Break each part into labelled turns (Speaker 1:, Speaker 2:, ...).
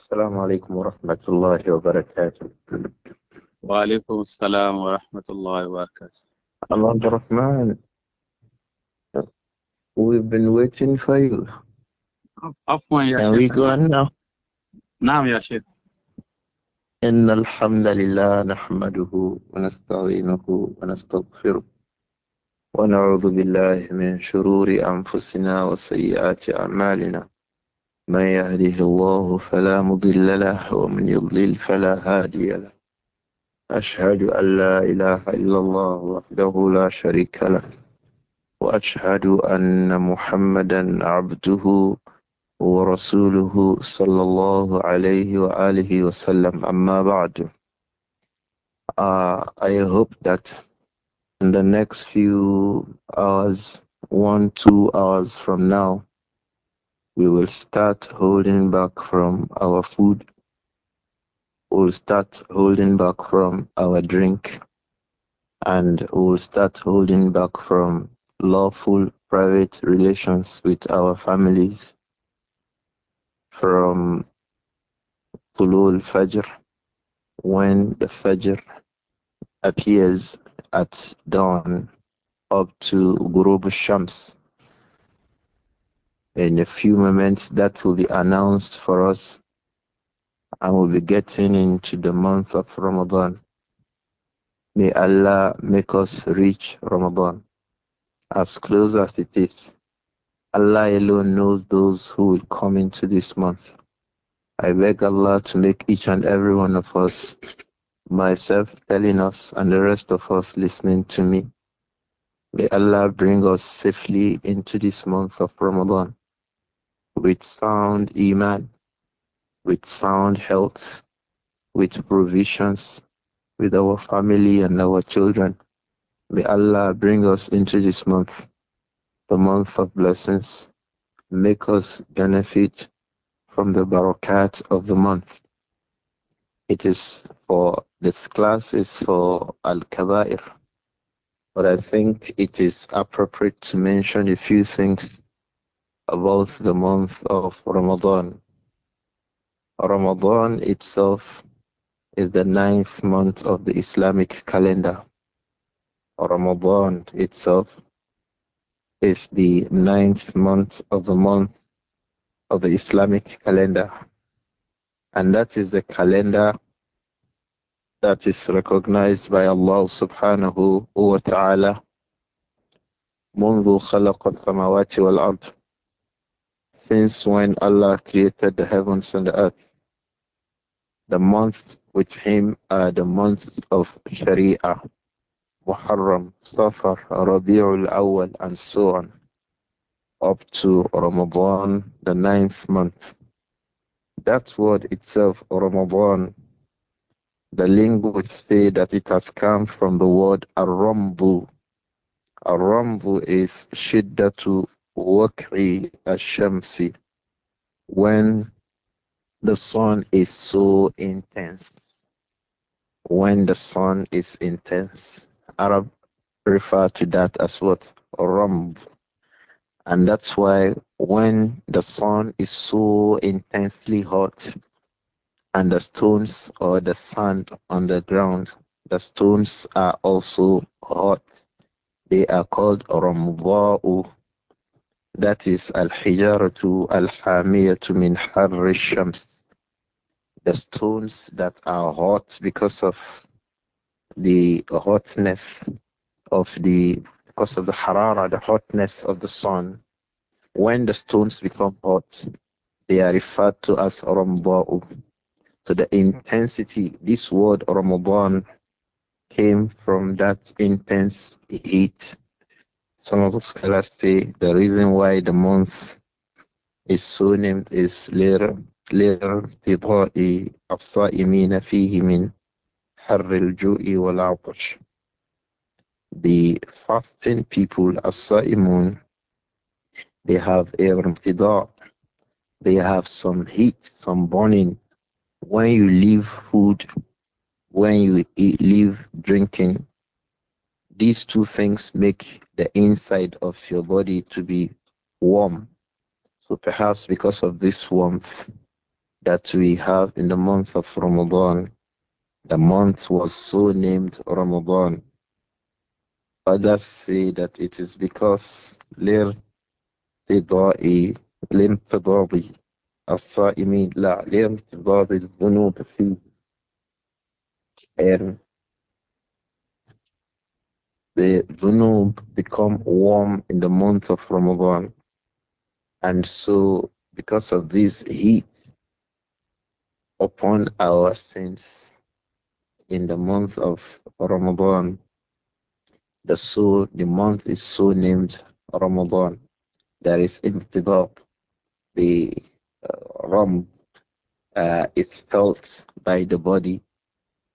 Speaker 1: السلام عليكم ورحمة الله وبركاته وعليكم السلام ورحمة الله وبركاته Abd الرحمن we've been waiting for you عفوا يا شيخ we go now? نعم يا شيخ إن الحمد لله نحمده ونستعينه ونستغفره ونعوذ بالله من شرور أنفسنا وسيئات أعمالنا من يهده الله فلا مضل له ومن يضلل فلا هادي له أشهد أن لا إله إلا الله وحده لا شريك له وأشهد أن محمدا عبده ورسوله صلى الله عليه وآله وسلم أما بعد uh, I hope that in the next few hours one two hours from now we will start holding back from our food. We'll start holding back from our drink. And we'll start holding back from lawful private relations with our families from Tulul Fajr when the Fajr appears at dawn up to Gurub Shams in a few moments that will be announced for us and we'll be getting into the month of Ramadan. May Allah make us reach Ramadan as close as it is. Allah alone knows those who will come into this month. I beg Allah to make each and every one of us, myself telling us, and the rest of us listening to me. May Allah bring us safely into this month of Ramadan with sound iman, with sound health, with provisions, with our family and our children. May Allah bring us into this month, the month of blessings. Make us benefit from the barakat of the month. It is for this class is for Al Kabair, but I think it is appropriate to mention a few things about the month of Ramadan. Ramadan itself is the ninth month of the Islamic calendar. Ramadan itself is the ninth month of the month of the Islamic calendar. And that is the calendar that is recognized by Allah subhanahu wa ta'ala منذ خلق السماوات والأرض since when Allah created the heavens and the earth. The months with him are the months of Sharia, Muharram, Safar, Rabi'ul Awwal, and so on, up to Ramadan, the ninth month. That word itself, Ramadan, the linguists say that it has come from the word Arambo. Arambo is Shiddatu waqi ashamsi. when the sun is so intense when the sun is intense arab refer to that as what ramd and that's why when the sun is so intensely hot and the stones or the sand on the ground the stones are also hot they are called ramdha'u that is Al-Hijaratu Al-Hamiyatu min Harri Shams. The stones that are hot because of the hotness of the because of the harara, the hotness of the sun. When the stones become hot, they are referred to as Ramba'u. So the intensity, this word Ramadan came from that intense heat some of the scholars say the reason why the month is so named is لارتضاء الصائمين فيه من حر الجوع والعطش. The fasting people, as-saimun, they have irtidah, they have some heat, some burning. When you leave food, when you eat, leave drinking, these two things make the inside of your body to be warm. So perhaps because of this warmth that we have in the month of Ramadan, the month was so named Ramadan. Others say that it is because Lir Tidai Lim Tidadi الصائمين لا لم تضاد الذنوب and the dhunub become warm in the month of Ramadan. And so, because of this heat upon our sins in the month of Ramadan, the soul, the month is so named Ramadan. There is imtidat, the uh, ram, uh, is felt by the body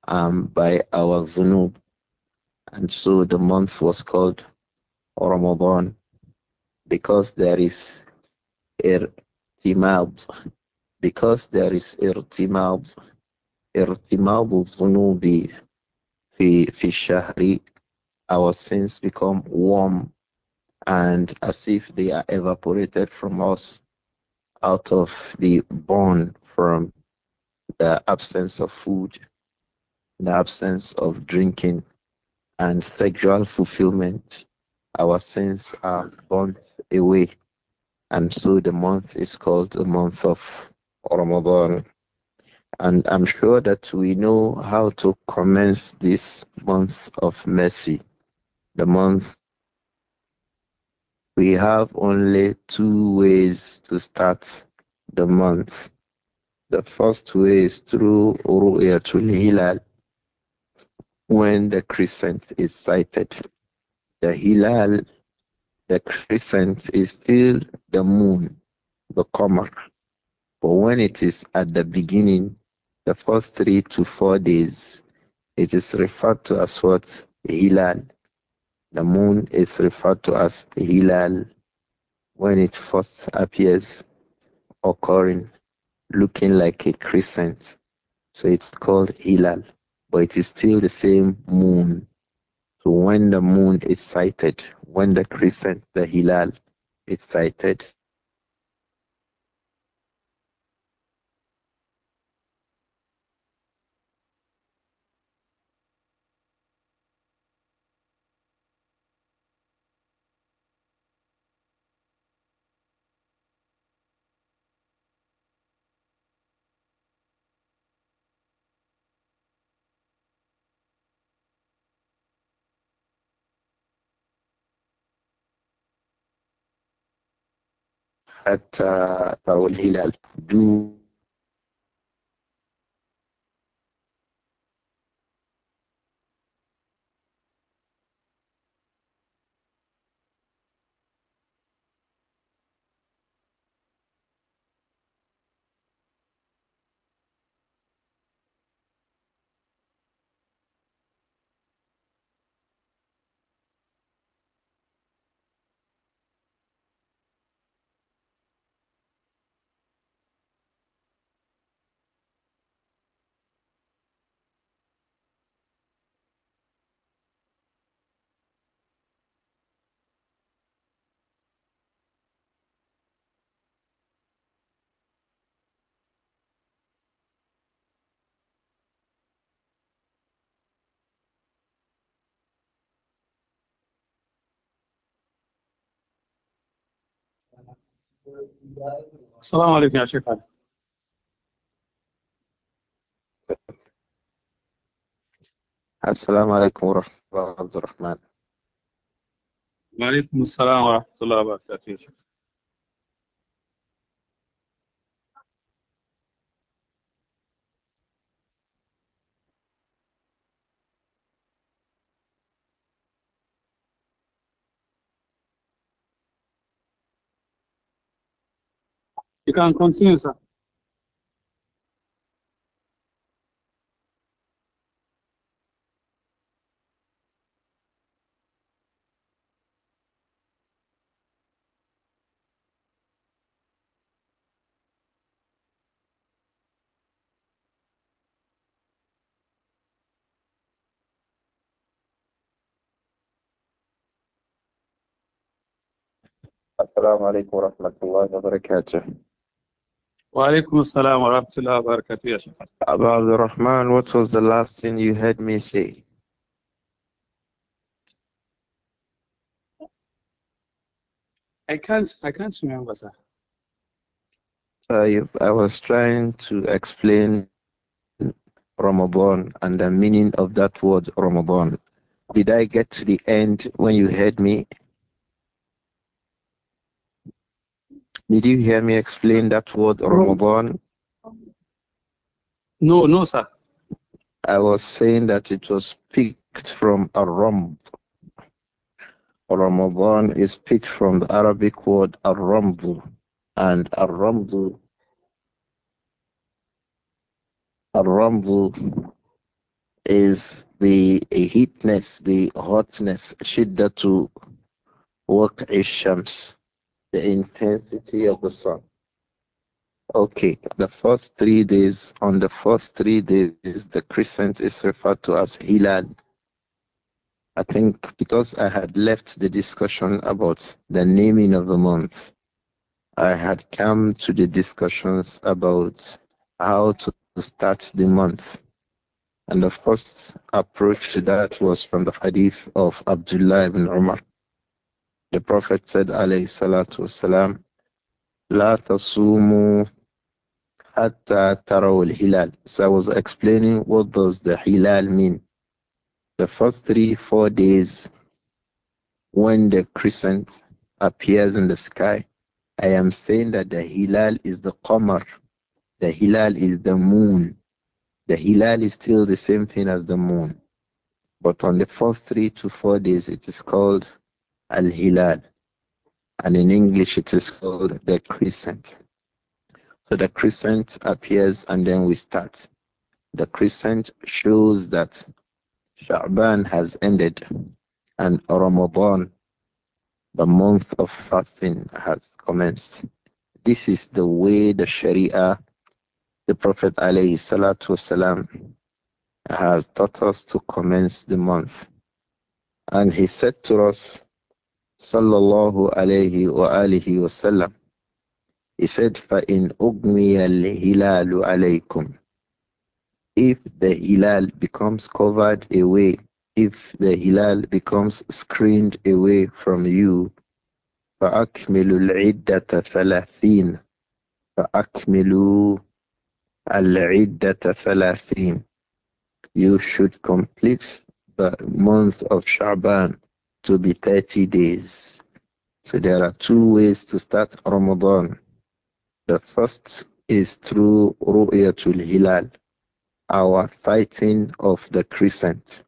Speaker 1: um, by our zoonob. And so the month was called Ramadan because there is irtimad, because there is irtimad, irtimad zunubi fi, fi shahri, our sins become warm and as if they are evaporated from us out of the bone from the absence of food, the absence of drinking, and sexual fulfillment, our sins are burnt away. And so the month is called the month of Ramadan. And I'm sure that we know how to commence this month of mercy. The month we have only two ways to start the month. The first way is through Ru'yatul Hilal, when the crescent is sighted. The hilal, the crescent, is still the moon, the Qamar. But when it is at the beginning, the first three to four days, it is referred to as what? Hilal. The moon is referred to as Hilal when it first appears, occurring, looking like a crescent. So it's called Hilal but it is still the same moon. So when the moon is sighted, when the crescent, the hilal, is sighted, حتى آه، الهلال دو السلام عليكم يا شيخ علي السلام عليكم ورحمة الله عبد الرحمن وعليكم السلام ورحمة الله وبركاته كان كونسينسا السلام عليكم ورحمة الله وبركاته Walaikum assalam wa rahmatullahi wa barakatuh, Abu Abdul Rahman, what was the last thing you heard me say? I can't, I can't remember, sir. Uh, I was trying to explain Ramadan and the meaning of that word Ramadan. Did I get to the end when you heard me? Did you hear me explain that word Ramadan? No, no, sir. I was saying that it was picked from Aramb. Ramadan is picked from the Arabic word Aramdu, and Aramdu Aramdu is the heatness, the hotness, shidda work is shams the intensity of the sun. Okay, the first three days, on the first three days, the crescent is referred to as Hilal. I think because I had left the discussion about the naming of the month, I had come to the discussions about how to start the month. And the first approach to that was from the hadith of Abdullah ibn Umar the Prophet said, alayhi salatu wasalam, La tasumu hatta al hilal. So I was explaining what does the hilal mean. The first three, four days when the crescent appears in the sky, I am saying that the hilal is the qamar. The hilal is the moon. The hilal is still the same thing as the moon. But on the first three to four days, it is called Al Hilal. And in English, it is called the crescent. So the crescent appears and then we start. The crescent shows that Sha'ban has ended and Ramadan, the month of fasting, has commenced. This is the way the Sharia, the Prophet والسلام, has taught us to commence the month. And he said to us, sallallahu alayhi wa alihi wasallam. He said, فَإِنْ أُغْمِيَ الْهِلَالُ عَلَيْكُمْ If the hilal becomes covered away, if the hilal becomes screened away from you, فَأَكْمِلُ الْعِدَّةَ ثَلَاثِينَ فَأَكْمِلُوا الْعِدَّةَ ثَلَاثِينَ You should complete the month of Sha'ban to be 30 days. So there are two ways to start Ramadan. The first is through Ru'yatul Hilal, our fighting of the crescent.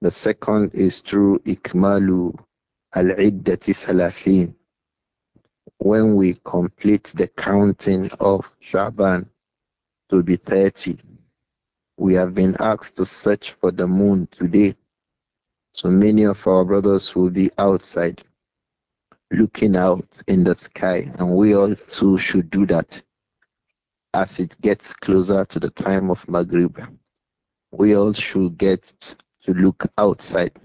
Speaker 1: The second is through Ikmalu Al-Iddati Salafin, when we complete the counting of Shaban to be 30. We have been asked to search for the moon today so many of our brothers will be outside looking out in the sky, and we all too should do that. As it gets closer to the time of Maghrib, we all should get to look outside,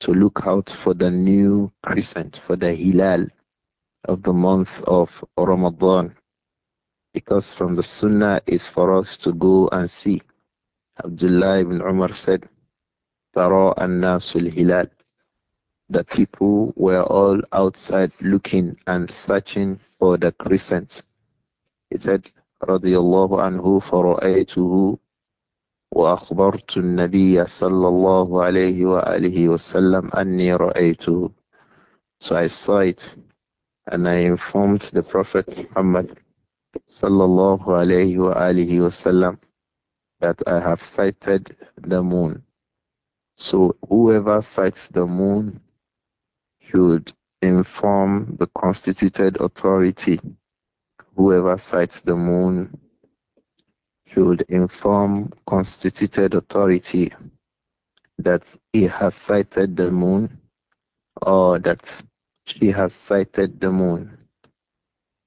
Speaker 1: to look out for the new crescent, for the Hilal of the month of Ramadan. Because from the Sunnah is for us to go and see. Abdullah ibn Umar said, and النَّاسُ The people were all outside looking and searching for the crescent. He said, رضي الله عنه فرأيته وأخبرت النبي صلى الله عليه وآله وسلم أني رأيته. So I saw it and I informed the Prophet Muhammad sallallahu alayhi wa alihi wasallam that I have sighted the moon. So whoever sights the moon should inform the constituted authority. Whoever sights the moon should inform constituted authority that he has sighted the moon or that she has sighted the moon.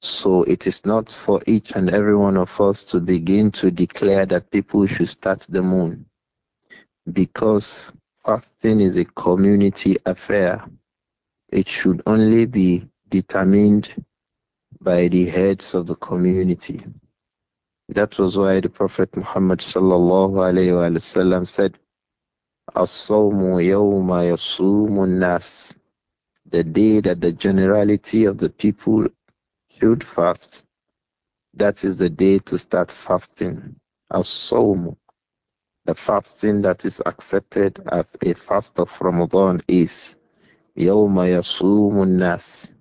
Speaker 1: So it is not for each and every one of us to begin to declare that people should start the moon because fasting is a community affair. It should only be determined by the heads of the community. That was why the Prophet Muhammad sallallahu alayhi said, as sawm yawma yasumun nas. The day that the generality of the people should fast, that is the day to start fasting. As-sawmu the fasting that is accepted as a fast of Ramadan is يوم يصوم الناس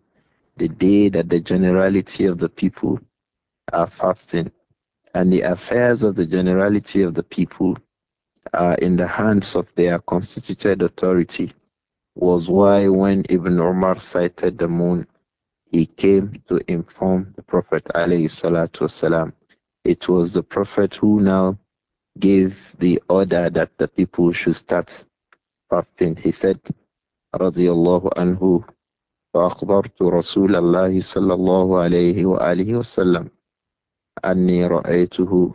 Speaker 1: the day that the generality of the people are fasting and the affairs of the generality of the people are in the hands of their constituted authority was why when Ibn Umar sighted the moon, he came to inform the Prophet والسلام. It was the Prophet who now gave the order that the people should start fasting. He said, radiyallahu anhu, فأخبرت رسول الله صلى الله عليه وآله وسلم أني رأيته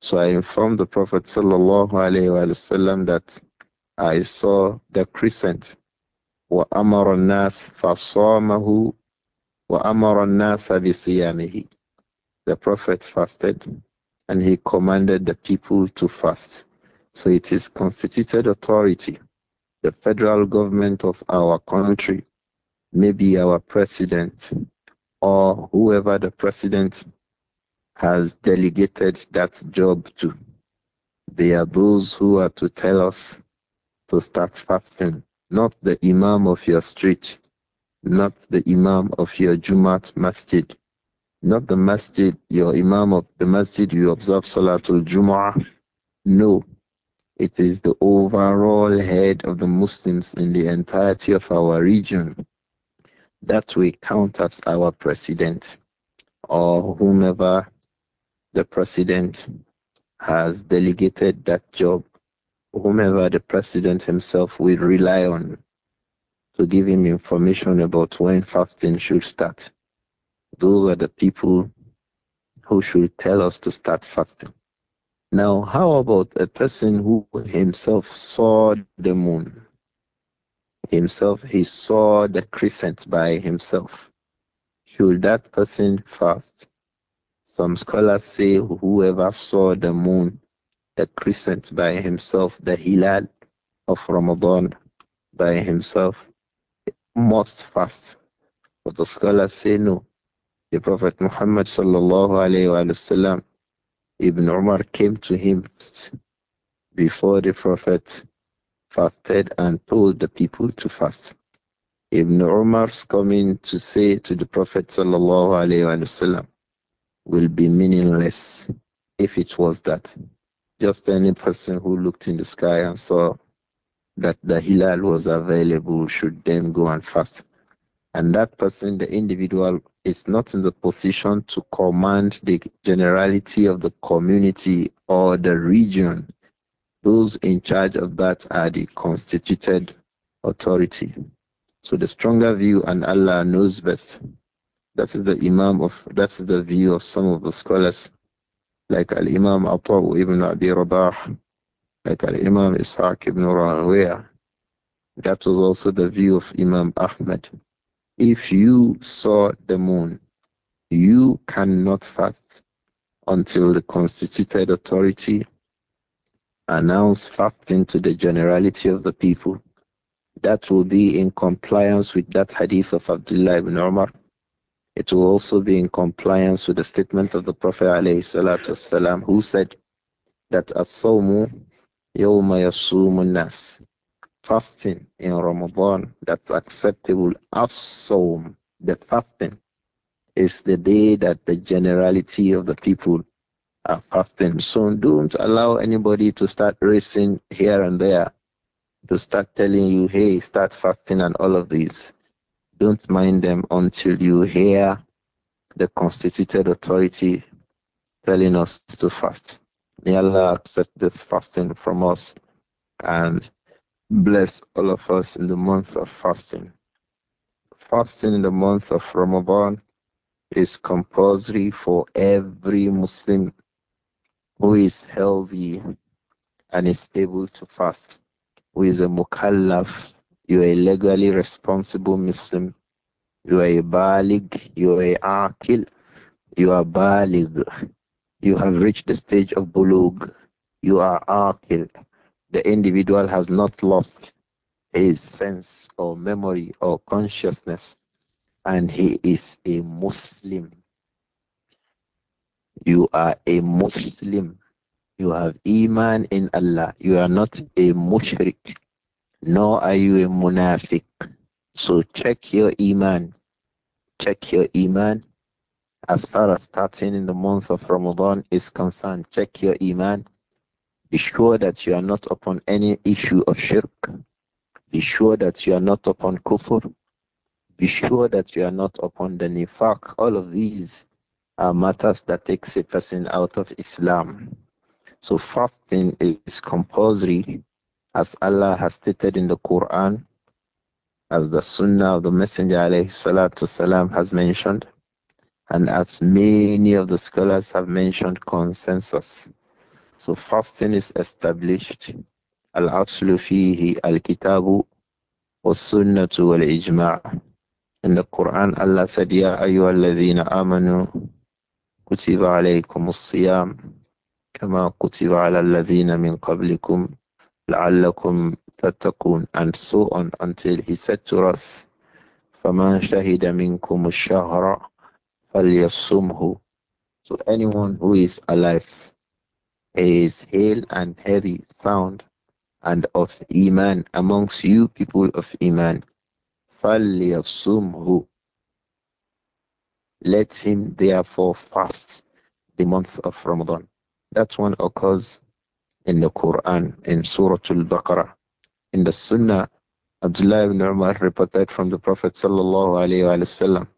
Speaker 1: So I informed the Prophet sallallahu alaihi wasallam that I saw the crescent وأمر الناس فصامه وأمر الناس بصيامه The Prophet fasted and he commanded the people to fast. So it is constituted authority. The federal government of our country, maybe our president, or whoever the president has delegated that job to. They are those who are to tell us to start fasting, not the imam of your street, not the imam of your Jumat masjid, not the masjid, your imam of the masjid, you observe Salatul Jumu'ah. No, it is the overall head of the Muslims in the entirety of our region that we count as our president or whomever the president has delegated that job, whomever the president himself will rely on to give him information about when fasting should start. Those are the people who should tell us to start fasting. Now, how about a person who himself saw the moon? Himself, he saw the crescent by himself. Should that person fast? Some scholars say whoever saw the moon, the crescent by himself, the hilal of Ramadan by himself, must fast. But the scholars say no. The Prophet Muhammad sallallahu alayhi wa Ibn Umar came to him before the Prophet fasted and told the people to fast. Ibn Umar's coming to say to the Prophet sallallahu alayhi wa will be meaningless if it was that. Just any person who looked in the sky and saw that the Hilal was available should then go and fast. And that person, the individual is not in the position to command the generality of the community or the region. Those in charge of that are the constituted authority. So the stronger view, and Allah knows best. That is the Imam of that's the view of some of the scholars, like Al Imam Abu ibn Abi Rabah, like Al Imam Ishaq ibn Rawiya. That was also the view of Imam Ahmad. If you saw the moon, you cannot fast until the constituted authority announce fasting to the generality of the people. That will be in compliance with that hadith of Abdullah ibn Umar. It will also be in compliance with the statement of the Prophet والسلام, who said that as-sawmu yawma yasumun nas fasting in Ramadan that's acceptable as-sawm, the fasting, is the day that the generality of the people are fasting. So don't allow anybody to start racing here and there, to start telling you, hey, start fasting and all of these. Don't mind them until you hear the constituted authority telling us to fast. May Allah accept this fasting from us and bless all of us in the month of fasting. Fasting in the month of Ramadan is compulsory for every Muslim who is healthy and is able to fast, who is a mukallaf, you are a legally responsible Muslim, you are a balig, you are a akil, you are balig, you have reached the stage of bulug, you are akil, the individual has not lost his sense or memory or consciousness, and he is a Muslim. You are a Muslim. You have Iman in Allah. You are not a mushrik, nor are you a munafiq. So check your Iman. Check your Iman. As far as starting in the month of Ramadan is concerned, check your Iman be sure that you are not upon any issue of shirk. Be sure that you are not upon kufr. Be sure that you are not upon the nifaq. All of these are matters that takes a person out of Islam. So fasting is compulsory as Allah has stated in the Quran, as the Sunnah of the Messenger salam has mentioned, and as many of the scholars have mentioned consensus. So fasting is established. Al-Aslu fihi al-kitabu was-sunnatu wal-ijma' in the Quran, Allah said, Ya ayyuhalladhina amanu, kutiba alaykum siyam kama kutiba ala alladhina min qablikum, la'allakum tattaqun, and so on until he said to us, فَمَنْ شَهِدَ مِنْكُمُ الشَّهْرَ فَلْيَصُمْهُ So anyone who is alive is hail and heavy sound and of Iman amongst you people of Iman. of who. Let him therefore fast the month of Ramadan. That one occurs in the Quran, in Surah Al-Baqarah. In the Sunnah, Abdullah ibn Umar reported from the Prophet sallallahu alayhi wasallam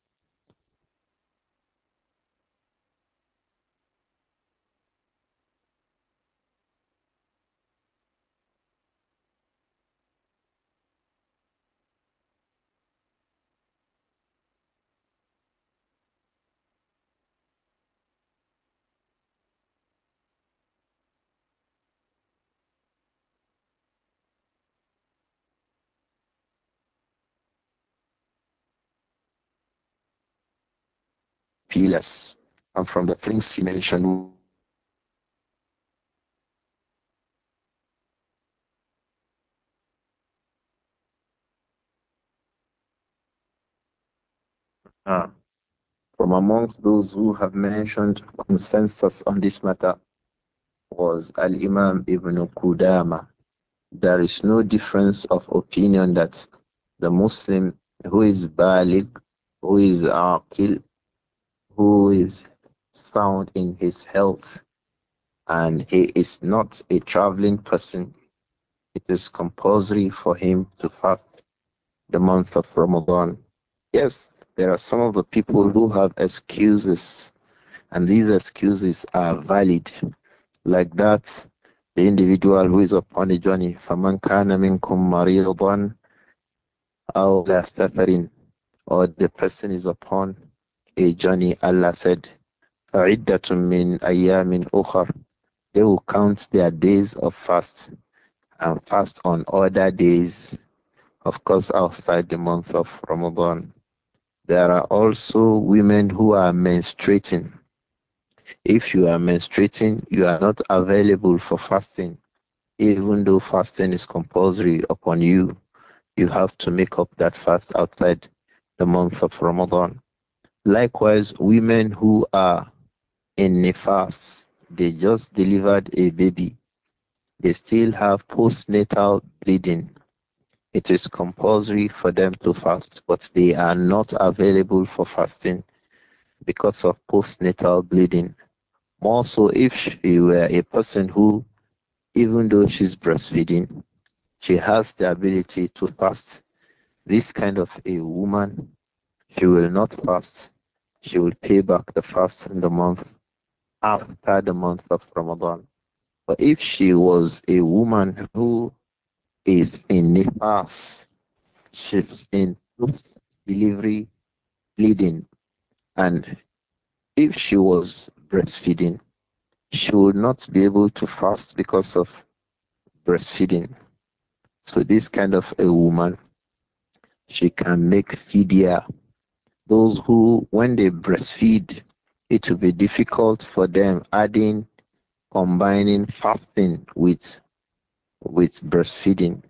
Speaker 1: Yes, and from the things he mentioned Ah. From amongst those who have mentioned consensus on this matter was Al Imam Ibn Qudama. There is no difference of opinion that the Muslim who is Balik, who is Aqil, who is sound in his health and he is not a traveling person, it is compulsory for him to fast the month of Ramadan. Yes, there are some of the people who have excuses, and these excuses are valid. Like that, the individual who is upon a journey, فَمَنْ كَانَ مِنْكُمْ مَرِيضًا أَوْ لَا سَفَرٍ Or the person is upon a journey, Allah said, عِدَّةٌ مِّنْ أَيَّامٍ أُخَرٍ They will count their days of fast and fast on other days, of course, outside the month of Ramadan. There are also women who are menstruating. If you are menstruating, you are not available for fasting. Even though fasting is compulsory upon you, you have to make up that fast outside the month of Ramadan. Likewise, women who are in nifas, they just delivered a baby. They still have postnatal bleeding. It is compulsory for them to fast, but they are not available for fasting because of postnatal bleeding. More so if she were a person who, even though she's breastfeeding, she has the ability to fast. This kind of a woman she will not fast. She will pay back the fast in the month after the month of Ramadan. But if she was a woman who is in nifas, she's in delivery, bleeding, and if she was breastfeeding, she would not be able to fast because of breastfeeding. So this kind of a woman, she can make fidyah. Those who, when they breastfeed, it will be difficult for them adding, combining fasting with, with breastfeeding.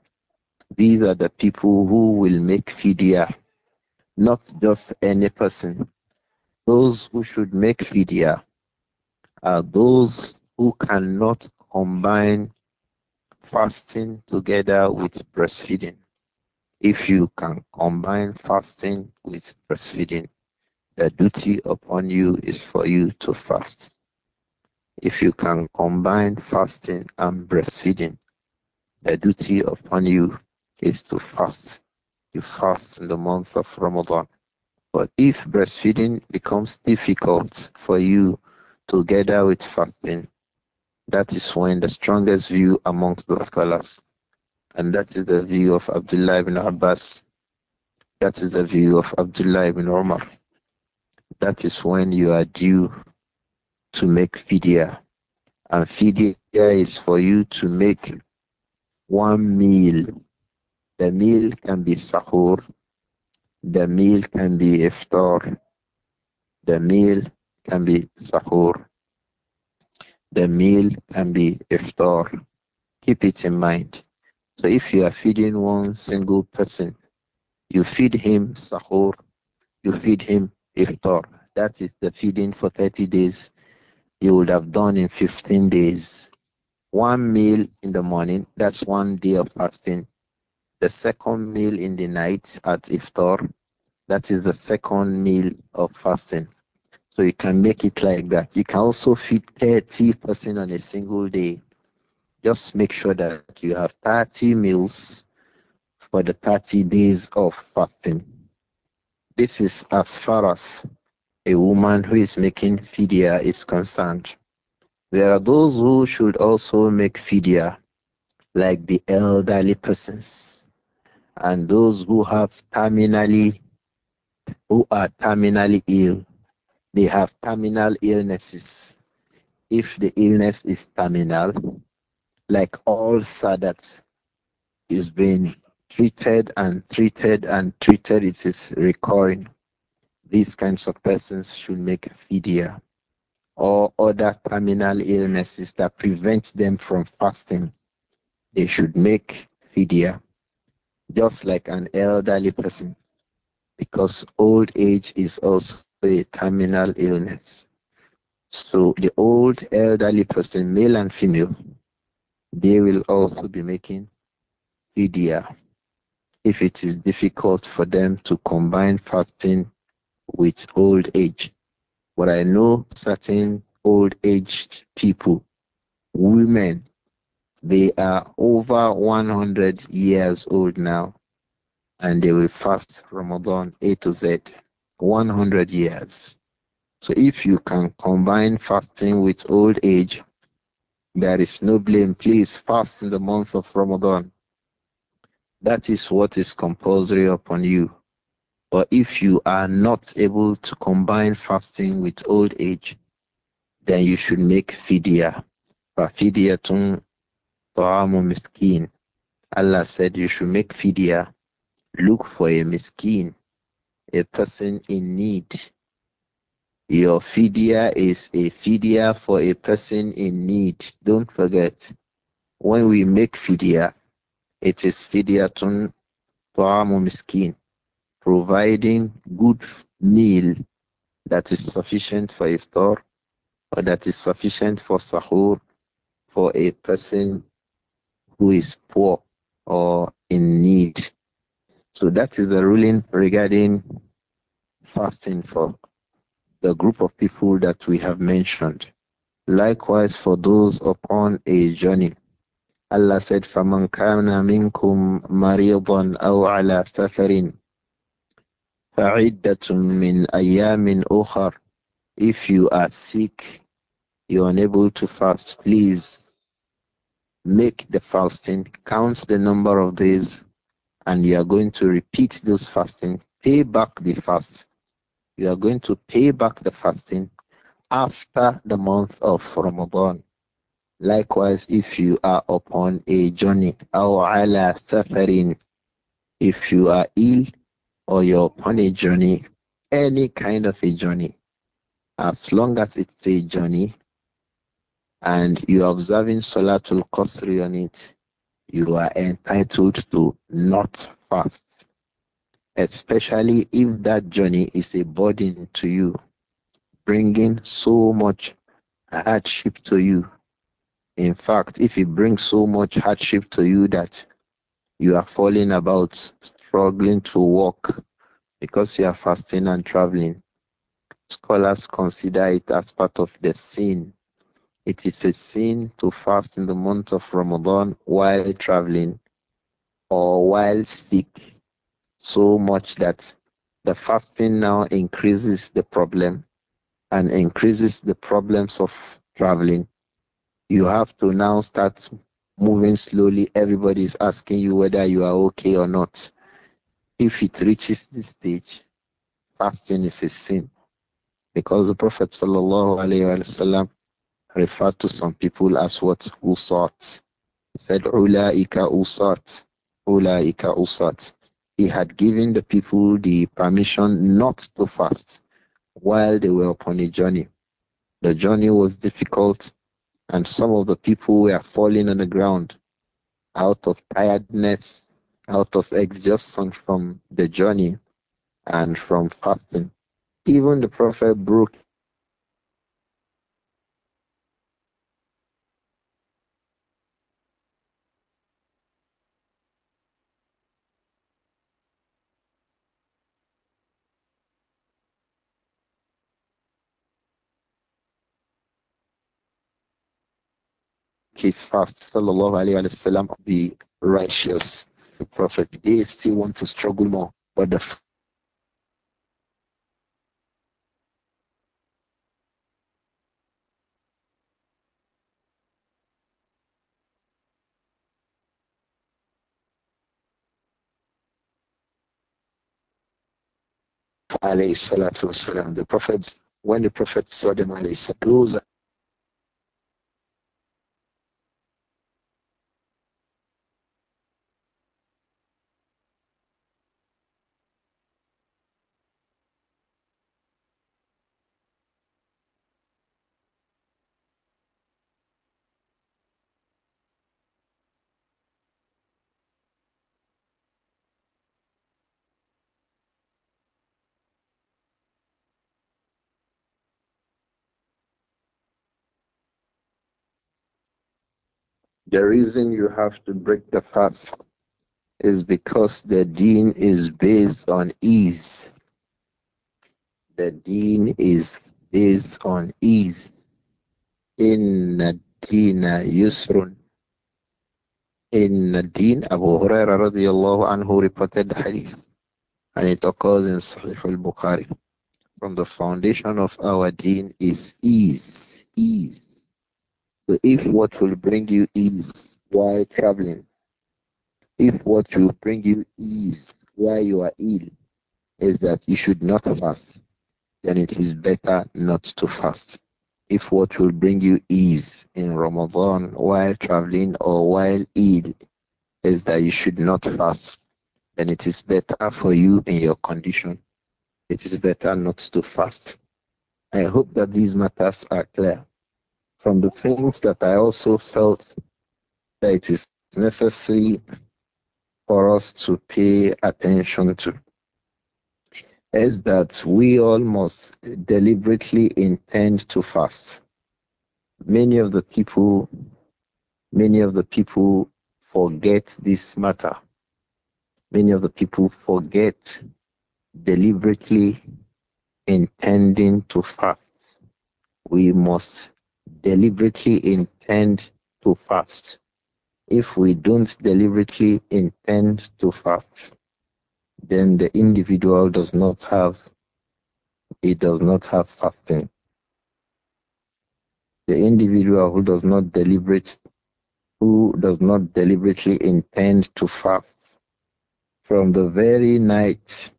Speaker 1: These are the people who will make fidya, not just any person. Those who should make fidya are those who cannot combine fasting together with breastfeeding. If you can combine fasting with breastfeeding, the duty upon you is for you to fast. If you can combine fasting and breastfeeding, the duty upon you is to fast. You fast in the month of Ramadan. But if breastfeeding becomes difficult for you together with fasting, that is when the strongest view amongst the scholars and that is the view of Abdullah ibn Abbas. That is the view of Abdullah ibn Umar. That is when you are due to make fidya. And fidya is for you to make one meal. The meal can be sahur. The meal can be iftar. The meal can be sahur. The meal can be iftar. Keep it in mind. So if you are feeding one single person, you feed him sahur, you feed him iftar. That is the feeding for 30 days you would have done in 15 days. One meal in the morning, that's one day of fasting. The second meal in the night at iftar, that is the second meal of fasting. So you can make it like that. You can also feed 30 person on a single day. Just make sure that you have 30 meals for the 30 days of fasting. This is as far as a woman who is making fidya is concerned. There are those who should also make fidya, like the elderly persons, and those who have terminally, who are terminally ill. They have terminal illnesses. If the illness is terminal, like all ulcer is being treated and treated and treated, it is recurring. These kinds of persons should make fidya or other terminal illnesses that prevent them from fasting. They should make fidya just like an elderly person because old age is also a terminal illness. So the old elderly person, male and female, they will also be making fidya if it is difficult for them to combine fasting with old age. But I know certain old aged people, women, they are over 100 years old now and they will fast Ramadan A to Z 100 years. So if you can combine fasting with old age, there is no blame. Please fast in the month of Ramadan. That is what is compulsory upon you. But if you are not able to combine fasting with old age, then you should make fidya. Fidiyatun ta'amu miskin. Allah said you should make fidya. Look for a miskin, a person in need your fidya is a fidya for a person in need. Don't forget, when we make fidya, it is fidyatun ta'amu miskin, providing good meal that is sufficient for iftar or that is sufficient for sahur for a person who is poor or in need. So that is the ruling regarding fasting for the group of people that we have mentioned. Likewise, for those upon a journey, Allah said, فَمَنْ كَانَ مِنْكُمْ مَرِيضًا أَوْ عَلَى سَفَرٍ فَعِدَّةٌ مِّنْ أَيَّامٍ أُخَرٍ If you are sick, you're unable to fast, please make the fasting, count the number of days, and you are going to repeat those fasting, pay back the fast you are going to pay back the fasting after the month of Ramadan. Likewise, if you are upon a journey, or ala suffering, if you are ill or you're upon a journey, any kind of a journey, as long as it's a journey and you are observing Salatul Qasri on it, you are entitled to not fast especially if that journey is a burden to you, bringing so much hardship to you. In fact, if it brings so much hardship to you that you are falling about, struggling to walk because you are fasting and traveling, scholars consider it as part of the sin. It is a sin to fast in the month of Ramadan while traveling or while sick so much that the fasting now increases the problem and increases the problems of traveling. You have to now start moving slowly. Everybody is asking you whether you are okay or not. If it reaches this stage, fasting is a sin. Because the Prophet وسلم, referred to some people as what? Usat. He said, Ula'ika usat. Ula'ika usat he had given the people the permission not to fast while they were upon a journey. The journey was difficult, and some of the people were falling on the ground out of tiredness, out of exhaustion from the journey and from fasting. Even the Prophet broke his fast, sallallahu alayhi wa sallam, be righteous. The Prophet, they still want to struggle more, but the alayhi salatu wasalam. The prophets, when the prophet saw them, alayhi, those The reason you have to break the fast is because the deen is based on ease. The deen is based on ease. In Dina Yusrun. In Deen, Abu Huraira radiallahu anhu reported the hadith, and it occurs in Sahih al Bukhari. From the foundation of our deen is ease, ease so if what will bring you ease while traveling, if what will bring you ease while you are ill is that you should not fast, then it is better not to fast. If what will bring you ease in Ramadan while traveling or while ill is that you should not fast, then it is better for you in your condition. It is better not to fast. I hope that these matters are clear from the things that I also felt that it is necessary for us to pay attention to is that we all must deliberately intend to fast. Many of the people, many of the people forget this matter. Many of the people forget deliberately intending to fast. We must deliberately intend to fast. If we don't deliberately intend to fast, then the individual does not have it does not have fasting. The individual who does not deliberate who does not deliberately intend to fast from the very night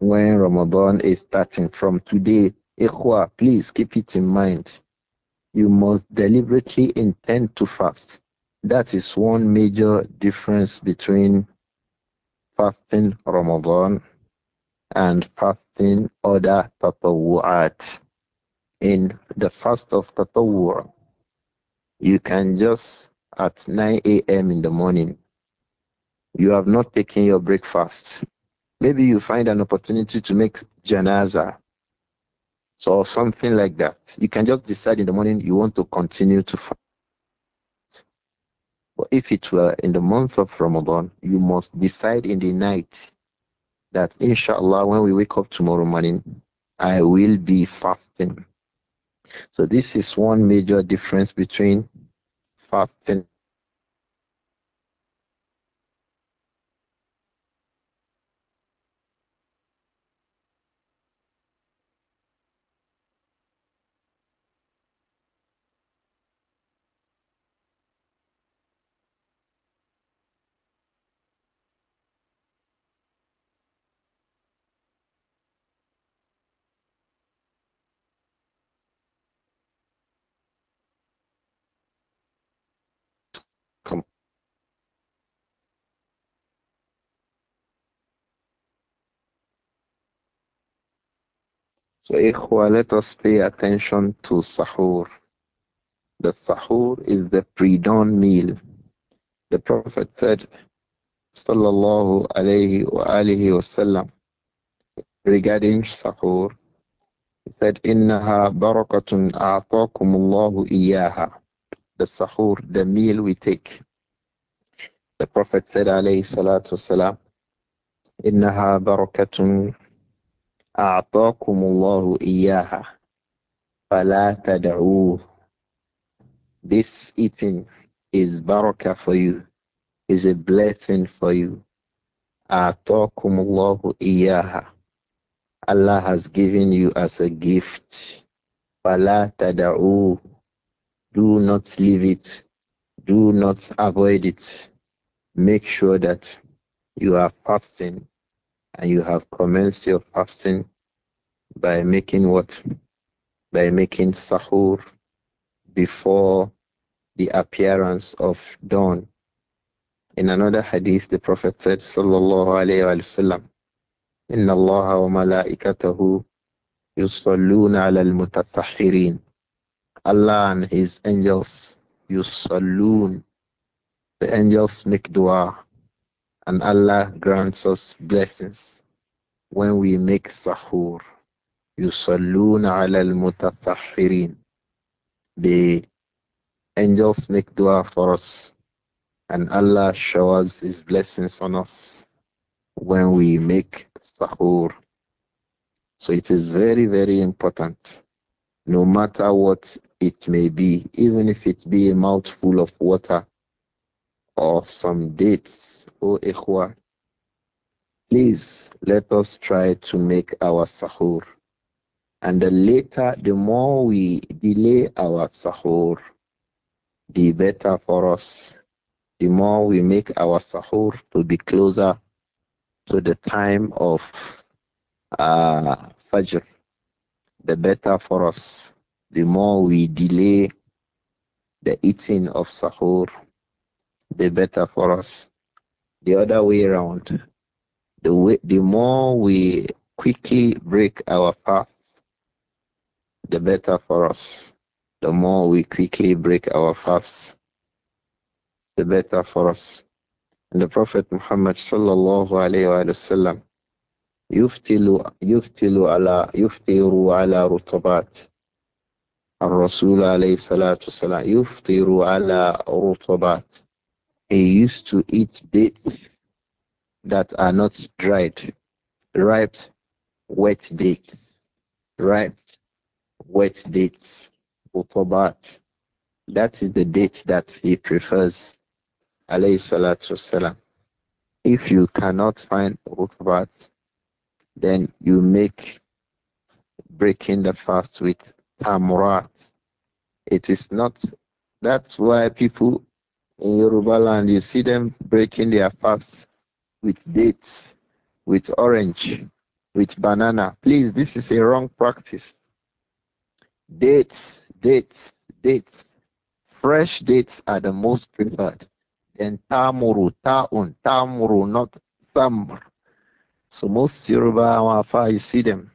Speaker 1: when Ramadan is starting from today, Ikhwa, please keep it in mind you must deliberately intend to fast. That is one major difference between fasting Ramadan and fasting other tatawu'at. In the fast of tatawu', you can just at 9 a.m. in the morning, you have not taken your breakfast. Maybe you find an opportunity to make janaza so something like that. You can just decide in the morning you want to continue to fast. But if it were in the month of Ramadan, you must decide in the night that inshallah when we wake up tomorrow morning, I will be fasting. So this is one major difference between fasting So, let us pay attention to sahur. The sahur is the pre-dawn meal. The Prophet said, sallallahu alayhi wa alihi wasallam, regarding sahur, he said, innaha barakatun a'taakumullahu iyaha. The sahur, the meal we take. The Prophet said, alayhi salatu wasalam, innaha barakatun أعطاكم الله إياها فلا تدعوه This eating is baraka for you, is a blessing for you. أعطاكم الله إياها Allah has given you as a gift. فلا تدعوه Do not leave it. Do not avoid it. Make sure that you are fasting and you have commenced your fasting by making what? By making sahur before the appearance of dawn. In another hadith, the Prophet said, Sallallahu Alaihi Wasallam, wa الله وملائكته ala al المتطهرين Allah and His angels يصلون The angels make dua and Allah grants us blessings when we make sahur. يصلون al المتطهرين The angels make dua for us and Allah showers his blessings on us when we make sahur. So it is very, very important. No matter what it may be, even if it be a mouthful of water, or some dates, O oh, Ikhwa, please let us try to make our sahur. And the later, the more we delay our sahur, the better for us. The more we make our sahur to be closer to the time of uh, Fajr, the better for us. The more we delay the eating of sahur, the better for us. The other way around, the, way, the more we quickly break our fast, the better for us. The more we quickly break our fasts, the better for us. And the Prophet Muhammad sallallahu alayhi wa sallam يفتل يفتل على يفتر على رطبات الرسول عليه الصلاة والسلام يفطر على رطبات he used to eat dates that are not dried, ripe, wet dates, ripe, wet dates, utobat. That is the date that he prefers, alayhi salatu salam. If you cannot find utobat, then you make breaking the fast with tamurat. It is not, that's why people in Yoruba land, you see them breaking their fasts with dates, with orange, with banana. Please, this is a wrong practice. Dates, dates, dates. Fresh dates are the most preferred. Then tamuru, taun, tamuru, not tamur. So most Yoruba, you see them.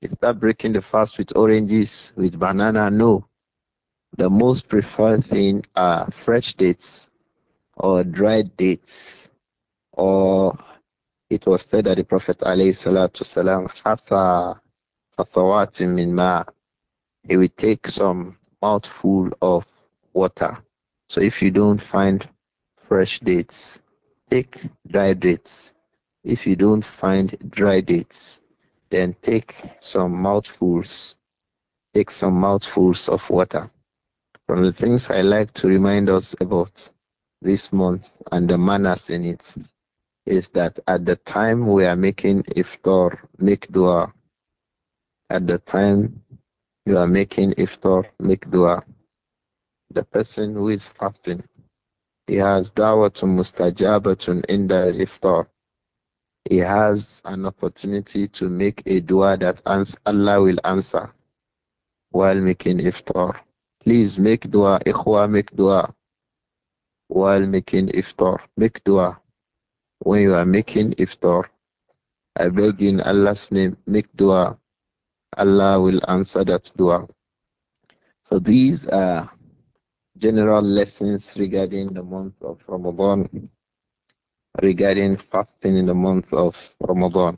Speaker 1: They start breaking the fast with oranges, with banana. No, the most preferred thing are fresh dates or dried dates or it was said that the Prophet والسلام, he would take some mouthful of water. So if you don't find fresh dates, take dried dates. If you don't find dry dates, then take some mouthfuls, take some mouthfuls of water. From the things I like to remind us about this month and the manners in it is that at the time we are making iftar, make dua. At the time you are making iftar, make dua. The person who is fasting, he has dawatun mustajabatun in the iftar. He has an opportunity to make a dua that Allah will answer while making iftar. Please make dua, ikhwa, make dua while making iftar. Make dua when you are making iftar. I beg in Allah's name, make dua. Allah will answer that dua. So these are general lessons regarding the month of Ramadan, regarding fasting in the month of Ramadan.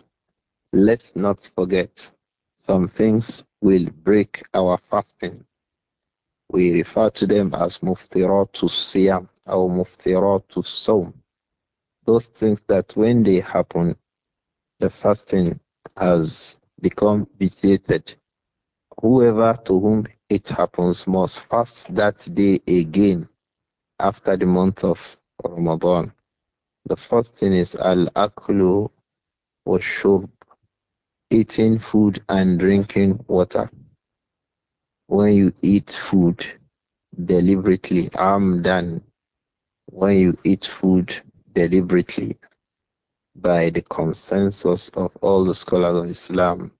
Speaker 1: Let's not forget some things will break our fasting. We refer to them as to siyam or to sawm. Those things that when they happen, the fasting has become vitiated. Whoever to whom it happens must fast that day again after the month of Ramadan. The first thing is al aklu wa shurb, eating food and drinking water. When you eat food deliberately, I'm done. When you eat food deliberately, by the consensus of all the scholars of Islam,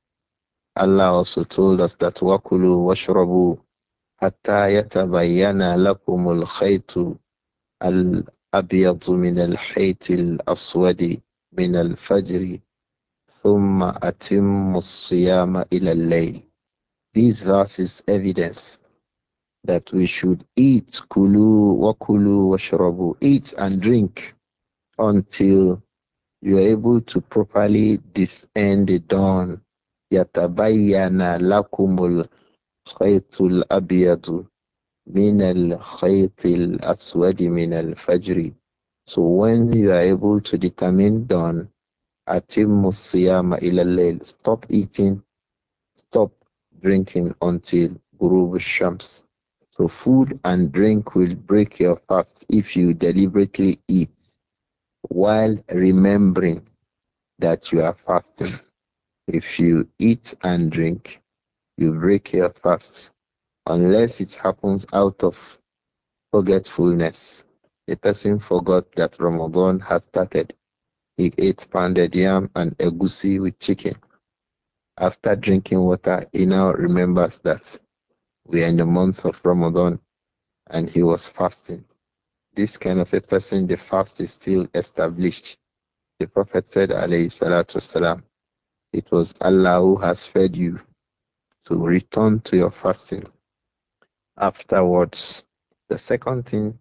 Speaker 1: Allah also told us that wakulu washrabu hatta yatabayana lakumul khaytu al-abyadu min al-hayti aswadi min al-fajri thumma atimmu as-siyama ila al-layl these verses evidence that we should eat kulu wakulu washrabu, eat and drink until you are able to properly discern the dawn. Yatabayana lakumul khaytul abiyadu min al khaytil aswadi min al fajri. So when you are able to determine dawn, atimmu siyama ila Stop eating, stop drinking until Gurub Shams. So food and drink will break your fast if you deliberately eat while remembering that you are fasting. If you eat and drink, you break your fast unless it happens out of forgetfulness. A person forgot that Ramadan had started. He ate pounded yam and egusi with chicken after drinking water, he now remembers that we are in the month of Ramadan and he was fasting. This kind of a person, the fast is still established. The Prophet said, alayhi salam, it was Allah who has fed you to return to your fasting. Afterwards, the second thing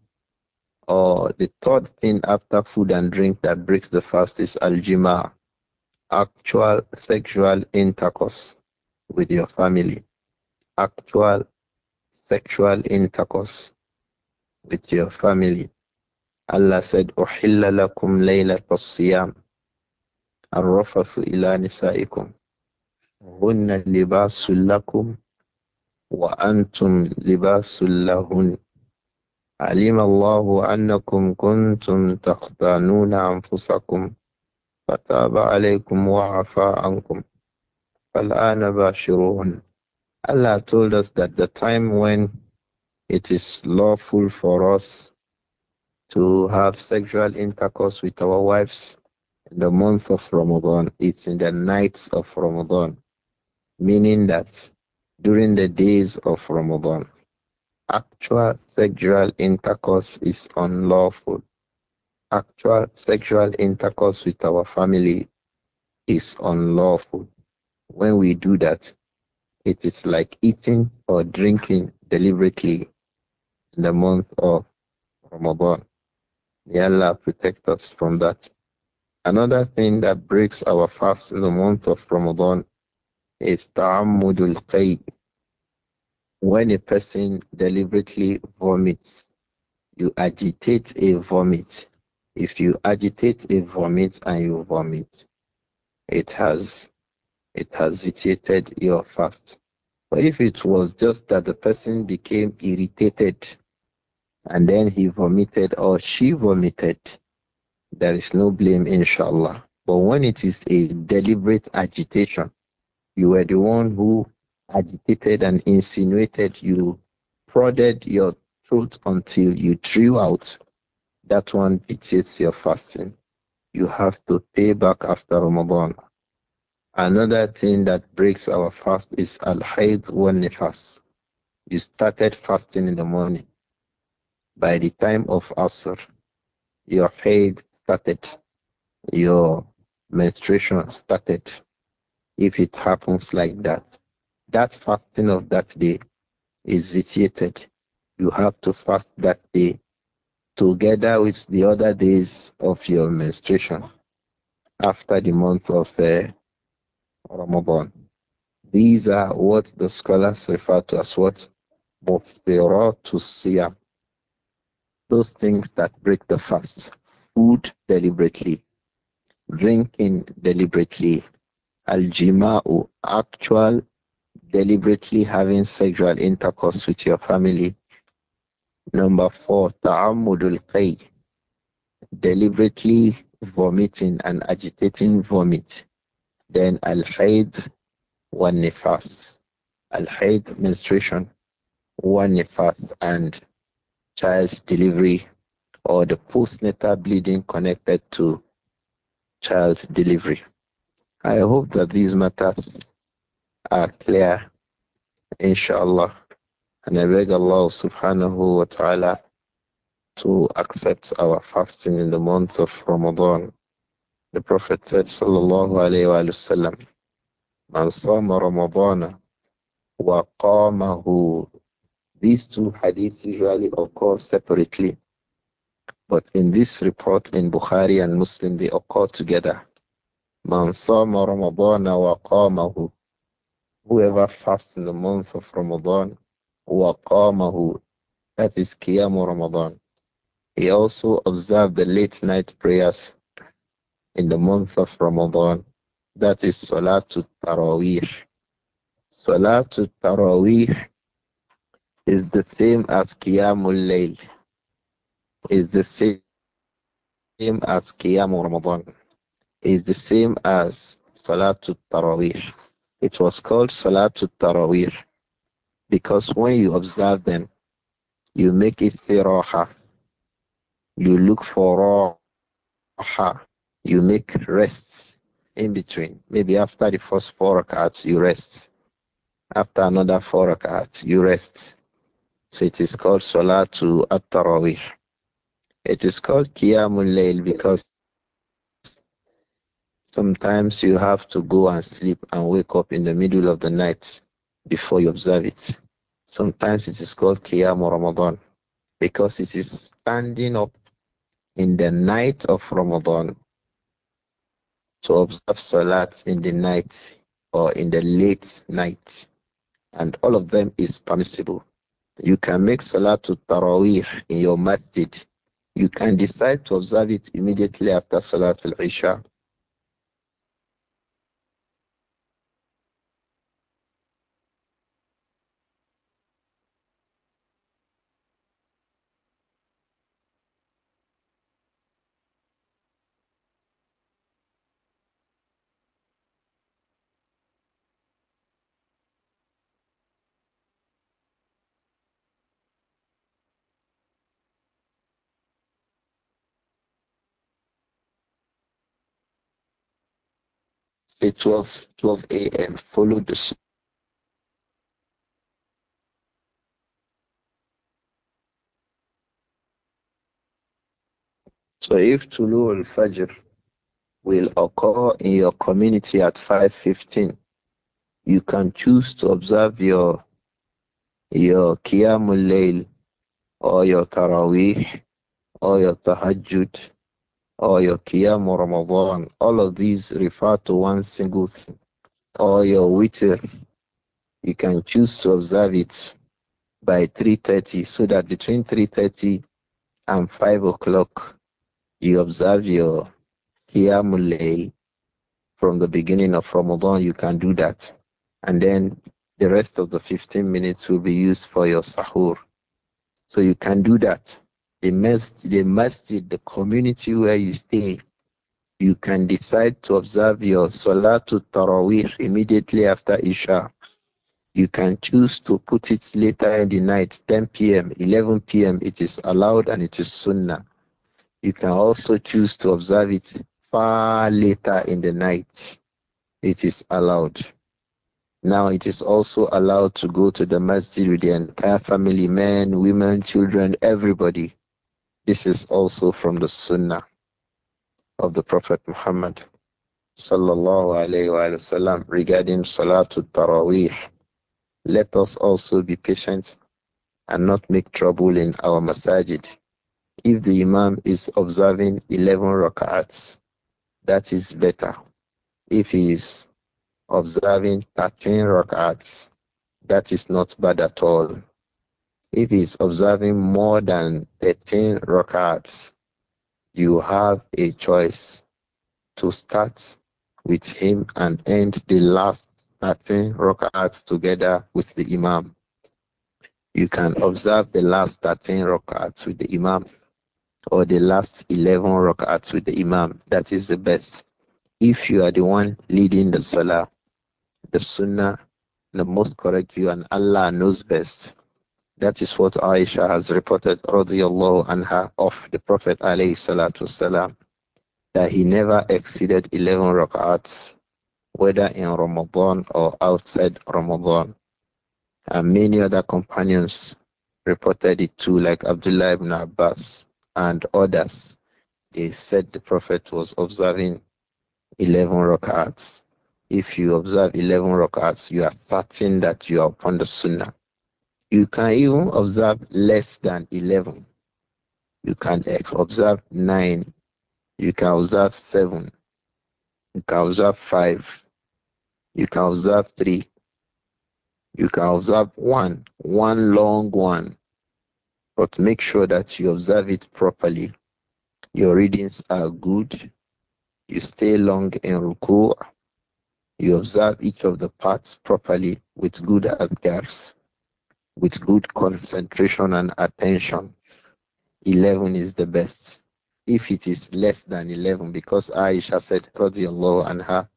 Speaker 1: or the third thing after food and drink that breaks the fast is al-jima actual sexual intercourse with your family. Actual sexual intercourse with your family. Allah said, "O Uhilla lakum laylatul siyam. Arrafasu ila nisaikum. Hunna libasul lakum. Wa antum libasul lahun. Alim Allahu annakum kuntum taqdanuna anfusakum. فتاب عليكم وعفى عنكم فالآن باشرون Allah told us that the time when it is lawful for us to have sexual intercourse with our wives in the month of Ramadan, it's in the nights of Ramadan, meaning that during the days of Ramadan, actual sexual intercourse is unlawful actual sexual intercourse with our family is unlawful. When we do that, it is like eating or drinking deliberately in the month of Ramadan. May Allah protect us from that. Another thing that breaks our fast in the month of Ramadan is ta'ammudul qay. When a person deliberately vomits, you agitate a vomit. If you agitate a vomit and you vomit, it has it has vitiated your fast. But if it was just that the person became irritated and then he vomited or she vomited, there is no blame, inshallah. But when it is a deliberate agitation, you were the one who agitated and insinuated, you prodded your throat until you drew out, that one dictates your fasting. You have to pay back after Ramadan. Another thing that breaks our fast is al hayd wal nifas. You started fasting in the morning. By the time of Asr, your hayd started, your menstruation started. If it happens like that, that fasting of that day is vitiated. You have to fast that day together with the other days of your menstruation after the month of uh, Ramadan. These are what the scholars refer to as what Muftira to Siyam. Those things that break the fast. Food deliberately, drinking deliberately, al-jima'u, actual, deliberately having sexual intercourse with your family, Number four, ta'amudul qay. Deliberately vomiting and agitating vomit. Then al-hayd wa nifas. Al-hayd, menstruation, wa nifas, and child delivery or the postnatal bleeding connected to child delivery. I hope that these matters are clear, inshallah. And I beg Allah subhanahu wa ta'ala to accept our fasting in the month of Ramadan. The Prophet said, Sallallahu wa Wasallam, Man Sama Ramadan wa Qamahu. These two hadiths usually occur separately. But in this report in Bukhari and Muslim, they occur together. Man Sama Ramadan wa Qamahu. Whoever fasts in the month of Ramadan وَقَامَهُ That is Qiyam Ramadan. He also observed the late night prayers in the month of Ramadan. That is Salatul Taraweeh. Salatul Taraweeh is the same as Qiyamul Layl. Is the same as Qiyam Ramadan. Is the same as Salatul Taraweeh. It was called Salatul Taraweeh because when you observe them, you make it siraha. You look for raha. You make rests in between. Maybe after the first four cards, you rest. After another four cards, you rest. So it is called Salatu at-Tarawih. It is called Qiyamul Layl because sometimes you have to go and sleep and wake up in the middle of the night before you observe it. Sometimes it is called Qiyam Ramadan because it is standing up in the night of Ramadan to observe Salat in the night or in the late night. And all of them is permissible. You can make Salat to Taraweeh in your masjid. You can decide to observe it immediately after Salat al-Isha say 12, 12 a.m., follow the So if Tulu al-Fajr will occur in your community at 5.15, you can choose to observe your your Qiyamul Layl or your Taraweeh or your Tahajjud or your Qiyam or Ramadan, all of these refer to one single thing, or your witr. You can choose to observe it by 3.30 so that between 3.30 and 5 o'clock you observe your Qiyamul Layl from the beginning of Ramadan, you can do that. And then the rest of the 15 minutes will be used for your sahur. So you can do that the masjid, the masjid, the community where you stay, you can decide to observe your Salatul Taraweeh immediately after Isha. You can choose to put it later in the night, 10 p.m., 11 p.m. It is allowed and it is Sunnah. You can also choose to observe it far later in the night. It is allowed. Now it is also allowed to go to the masjid with the entire family, men, women, children, everybody. This is also from the Sunnah of the Prophet Muhammad sallallahu alayhi sallam, regarding Salatul Taraweeh. Let us also be patient and not make trouble in our masajid. If the Imam is observing 11 rak'ats, that is better. If he is observing 13 rak'ats, that is not bad at all if he's observing more than 13 rakats, you have a choice to start with him and end the last 13 rakats together with the imam. You can observe the last 13 rakats with the imam or the last 11 rakats with the imam. That is the best. If you are the one leading the salah, the sunnah, the most correct view, and Allah knows best that is what Aisha has reported, radiallahu anha, of the Prophet alayhi salatu wasalam, that he never exceeded 11 rak'ats, whether in Ramadan or outside Ramadan. And many other companions reported it too, like Abdullah ibn Abbas and others. They said the Prophet was observing 11 rak'ats. If you observe 11 rak'ats, you are certain that you are upon the sunnah. You can even observe less than 11. You can observe 9. You can observe 7. You can observe 5. You can observe 3. You can observe 1, one long one. But make sure that you observe it properly. Your readings are good. You stay long in ruku. You observe each of the parts properly with good adgars with good concentration and attention, 11 is the best. If it is less than 11, because Aisha said, radiallahu anha,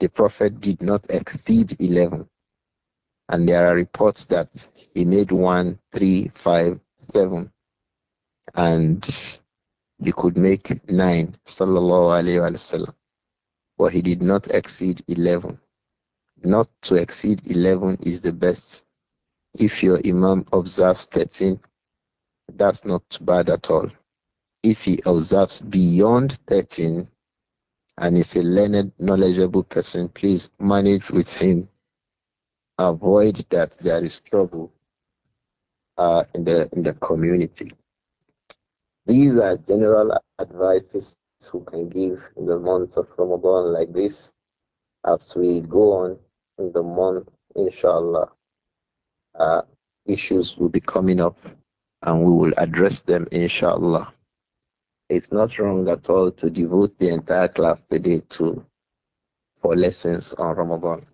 Speaker 1: the Prophet did not exceed 11. And there are reports that he made one, three, five, seven, and he could make nine, sallallahu alayhi wa sallam. But he did not exceed 11. Not to exceed 11 is the best if your Imam observes 13, that's not bad at all. If he observes beyond 13 and is a learned, knowledgeable person, please manage with him. Avoid that there is trouble uh, in the in the community. These are general advices we can give in the month of Ramadan like this as we go on in the month, inshallah. Uh, issues will be coming up and we will address them inshallah. It's not wrong at all to devote the entire class today to for lessons on Ramadan.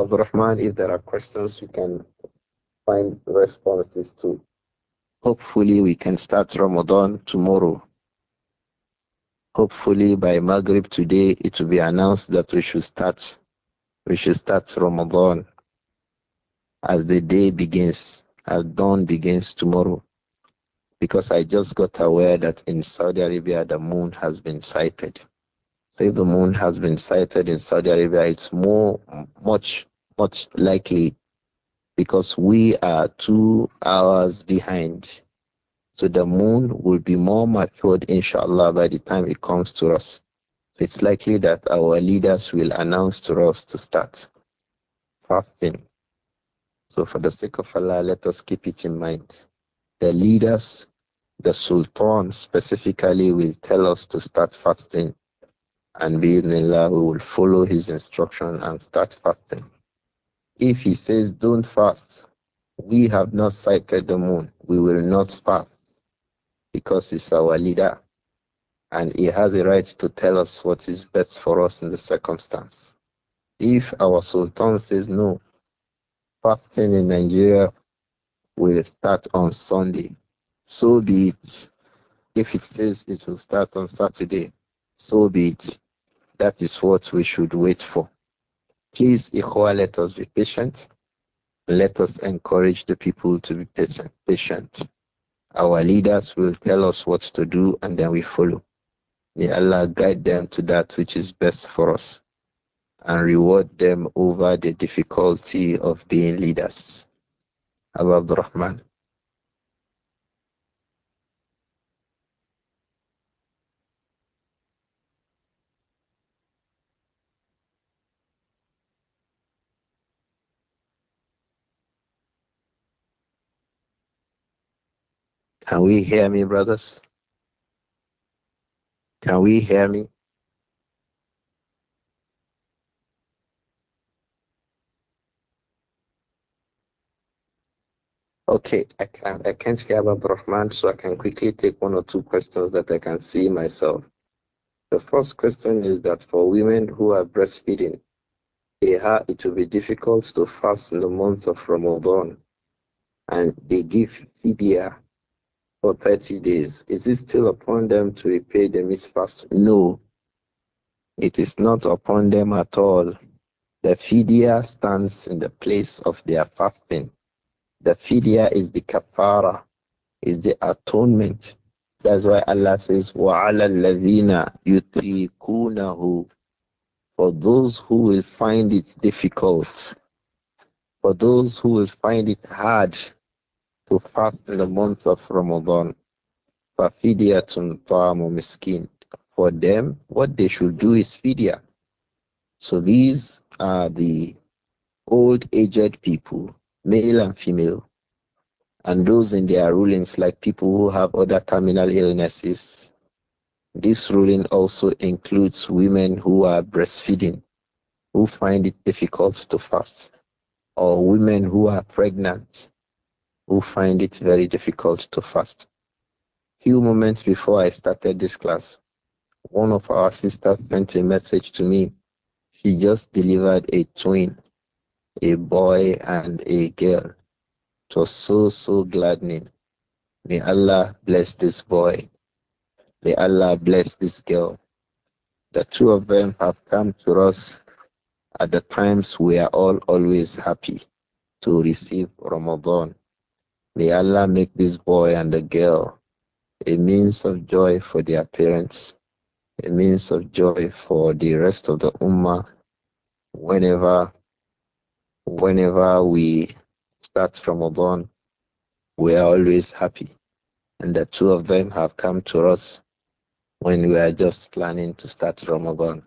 Speaker 1: Abdul Rahman, if there are questions, we can find responses to. Hopefully, we can start Ramadan tomorrow. Hopefully, by Maghrib today, it will be announced that we should start. We should start Ramadan as the day begins, as dawn begins tomorrow. Because I just got aware that in Saudi Arabia the moon has been sighted. So if the moon has been sighted in Saudi Arabia, it's more much much likely because we are two hours behind. So the moon will be more matured, inshallah, by the time it comes to us. It's likely that our leaders will announce to us to start fasting so, for the sake of Allah, let us keep it in mind. The leaders, the Sultan specifically, will tell us to start fasting. And Allah, we will follow his instruction and start fasting. If he says, don't fast, we have not sighted the moon, we will not fast because he's our leader and he has a right to tell us what is best for us in the circumstance. If our Sultan says no, fasting in Nigeria will start on Sunday. So be it. If it says it will start on Saturday, so be it. That is what we should wait for. Please, Ikhwa, let us be patient. Let us encourage the people to be patient. Our leaders will tell us what to do and then we follow. May Allah guide them to that which is best for us and reward them over the difficulty of being leaders. Abu Abdurrahman. Can we hear me, brothers? Can we hear me? Okay, I can I can't hear about Rahman, so I can quickly take one or two questions that I can see myself. The first question is that for women who are breastfeeding, it will be difficult to fast in the month of Ramadan, and they give fidya for 30 days. Is it still upon them to repay the misfast? No, it is not upon them at all. The fidya stands in the place of their fasting the fidya is the kafara, is the atonement. That's why Allah says, وَعَلَى الَّذِينَ يُطِيقُونَهُ For those who will find it difficult, for those who will find it hard to fast in the month of Ramadan, فَفِدْيَةٌ طَعَمُ miskin. For them, what they should do is fidya. So these are the old aged people male and female, and those in their rulings, like people who have other terminal illnesses. This ruling also includes women who are breastfeeding, who find it difficult to fast, or women who are pregnant, who find it very difficult to fast. Few moments before I started this class, one of our sisters sent a message to me. She just delivered a twin a boy and a girl. It was so, so gladdening. May Allah bless this boy. May Allah bless this girl. The two of them have come to us at the times we are all always happy to receive Ramadan. May Allah make this boy and the girl a means of joy for their parents, a means of joy for the rest of the Ummah whenever whenever we start Ramadan, we are always happy. And the two of them have come to us when we are just planning to start Ramadan.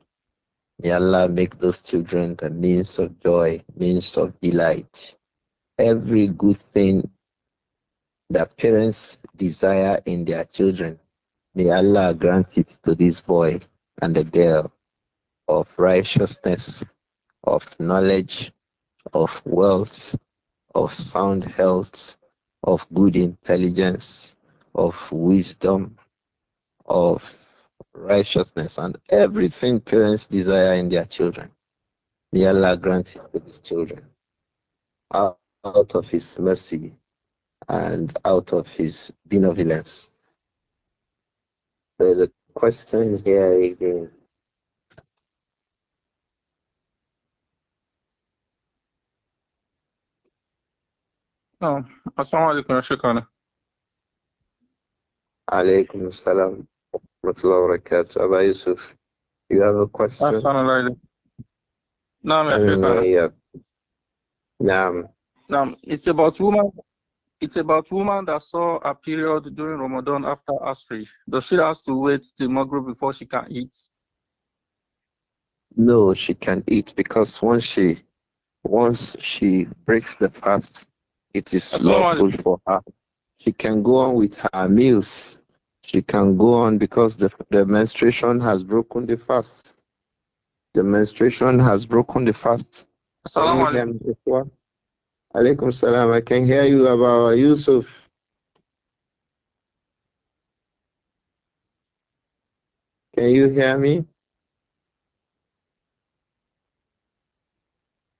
Speaker 1: May Allah make those children the means of joy, means of delight. Every good thing that parents desire in their children, may Allah grant it to this boy and the girl of righteousness, of knowledge, of wealth, of sound health, of good intelligence, of wisdom, of righteousness, and everything parents desire in their children. May Allah grant it to His children. Out of His mercy and out of His benevolence. The question here again. نعم السلام عليكم Alaykum عليكم السلام ورحمة الله وبركاته you have a question أحسن الله إليك نعم يا شيخنا it's about woman it's about woman that saw a period during Ramadan after Asri does she has to wait till Maghrib before she can eat no she can eat because once she once she breaks the fast it is lawful for her. She can go on with her meals. She can go on because the, the menstruation has broken the fast. The menstruation has broken the fast. Alaikum salam. I can hear you about Yusuf. Can you hear me?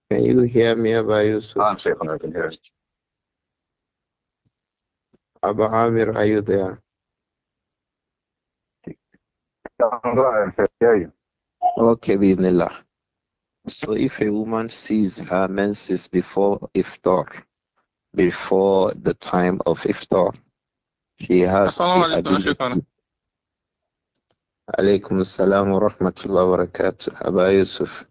Speaker 1: Can you hear me about Yusuf? I'm safe I can hear you. Abu Amir, are you there? Okay, bismillah. So if a woman sees her menses before iftar, before the time of iftar, she has Assalamu Alaykum assalam wa wa barakatuh. Abba Yusuf,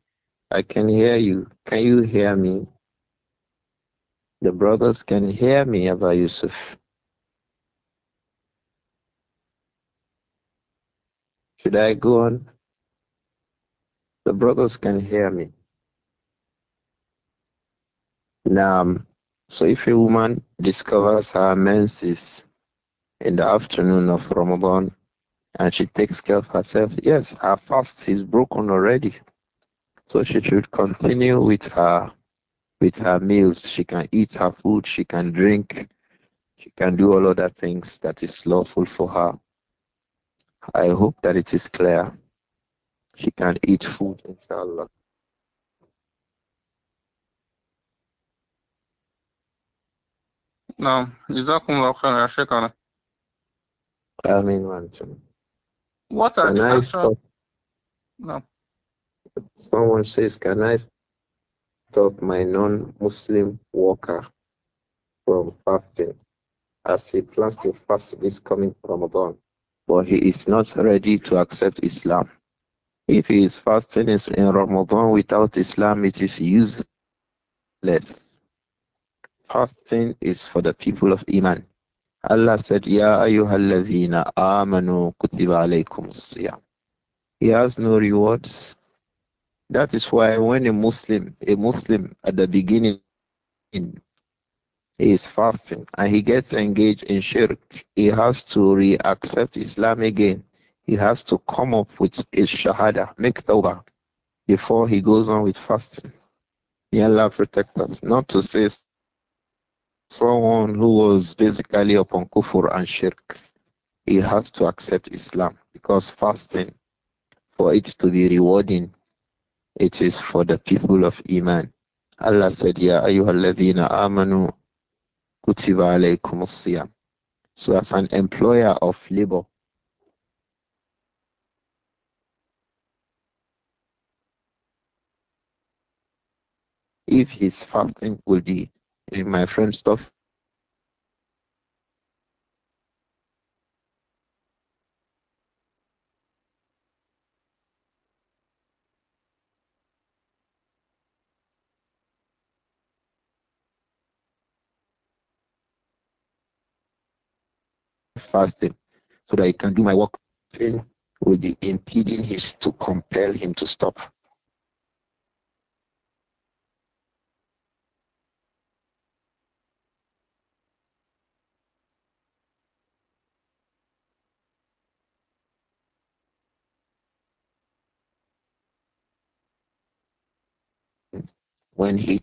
Speaker 1: I can hear you. Can you hear me? The brothers can hear me, Abba Yusuf. Should I go on? The brothers can hear me. Now, so if a woman discovers her menses in the afternoon of Ramadan and she takes care of herself, yes, her fast is broken already. So she should continue with her with her meals. She can eat her food, she can drink, she can do all other things that is lawful for her I hope that it is clear. She can eat food, inshallah. نعم جزاكم الله خيرا يا شيخنا آمين وأنتم What are can the I No. Someone says, can I stop my non-Muslim worker from fasting as he plans to fast this coming Ramadan? but he is not ready to accept Islam. If he is fasting in Ramadan without Islam, it is useless. Fasting is for the people of Iman. Allah said, Ya ayyuhalladhina amanu kutiba alaykum siyam. He has no rewards. That is why when a Muslim, a Muslim at the beginning he is fasting and he gets engaged in shirk. He has to re-accept Islam again. He has to come up with his shahada, make tawbah, before he goes on with fasting. May Allah protect us. Not to say someone who was basically upon kufur and shirk, he has to accept Islam because fasting, for it to be rewarding, it is for the people of Iman. Allah said, Ya ayyuhalladhina amanu kutiba alaykum siyam So as an employer of labor, if his fasting will be, if my friend stuff fasting so that he can do my work. Thing will be impeding his to compel him to stop. When he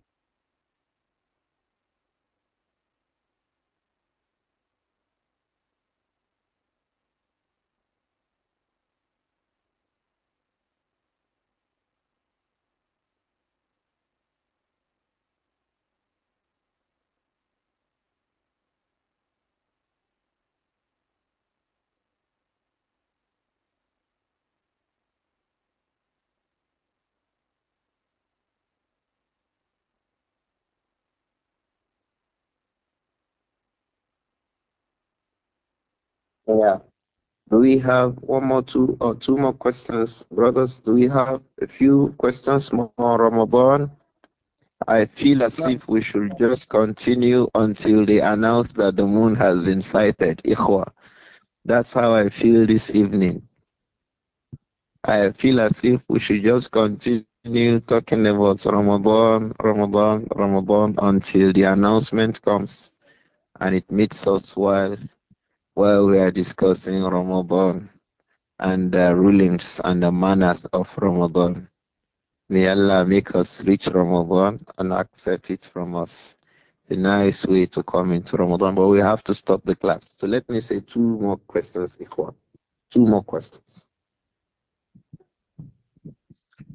Speaker 1: Yeah. Do we have one more two or two more questions, brothers? Do we have a few questions more Ramadan? I feel as if we should just continue until they announce that the moon has been sighted. Ikhwa. That's how I feel this evening. I feel as if we should just continue talking about Ramadan, Ramadan, Ramadan until the announcement comes and it meets us while while we are discussing Ramadan and the rulings and the manners of Ramadan. May Allah make us reach Ramadan and accept it from us. A nice way to come into Ramadan, but we have to stop the class. So let me say two more questions, Ikhwan. Two more questions.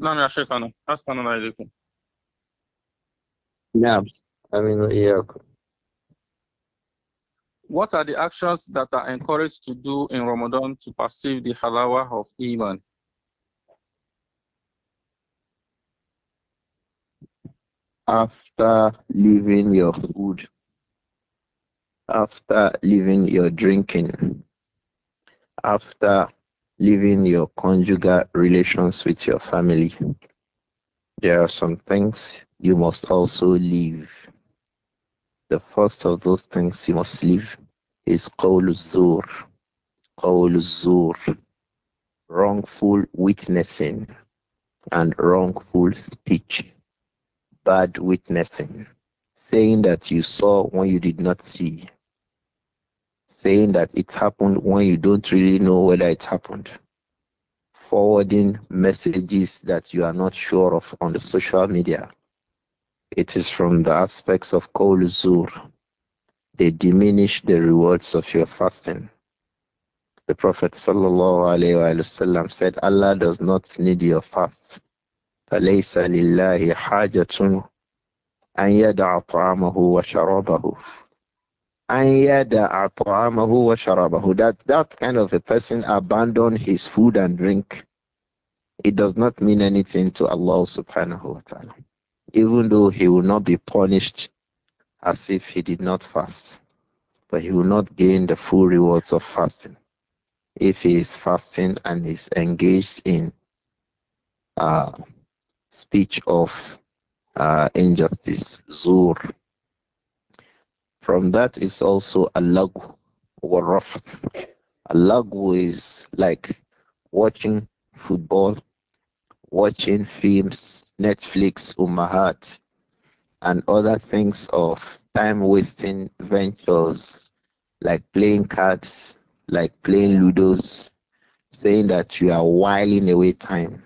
Speaker 1: نعم يا شيخنا أحسن what are the actions that are encouraged to do in Ramadan to perceive the halawa of Iman? After leaving your food, after leaving your drinking, after leaving your conjugal relations with your family, there are some things you must also leave the first of those things you must leave is qawl zur qawl zur wrongful witnessing and wrongful speech, bad witnessing, saying that you saw when you did not see, saying that it happened when you don't really know whether it happened, forwarding messages that you are not sure of on the social media, it is from the aspects of Qawl Zur. They diminish the rewards of your fasting. The Prophet ﷺ said, Allah does not need your fast. And yet, حَاجَةٌ أَنْ يَدَعَ طَعَامَهُ and أَنْ يَدَعَ طَعَامَهُ that, that kind of a person abandon his food and drink. It does not mean anything to Allah subhanahu wa ta'ala even though he will not be punished as if he did not fast, but he will not gain the full rewards of fasting if he is fasting and is engaged in uh, speech of uh, injustice, zur. From that is also a lagu or rafat. lagu is like watching football watching films, Netflix, heart, and other things of time wasting ventures like playing cards, like playing ludos, saying that you are whiling away time.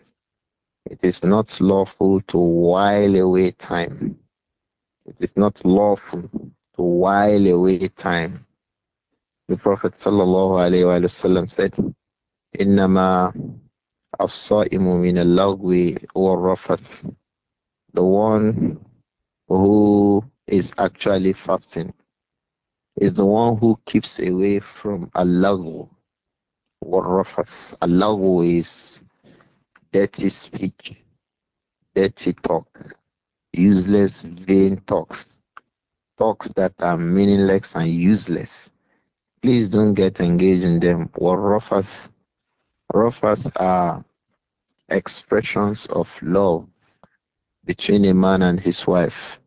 Speaker 1: It is not lawful to while away time. It is not lawful to while away time. The Prophet sallallahu alaihi wasallam said, "Inna as-sa'imu min al-lagwi wal-rafath. The one who is actually fasting is the one who keeps away from al-lagw wal-rafath. Al-lagw is dirty speech, dirty talk, useless, vain talks, talks that are meaningless and useless. Please don't get engaged in them. Warrafas Rafas are expressions of love between a man and his wife.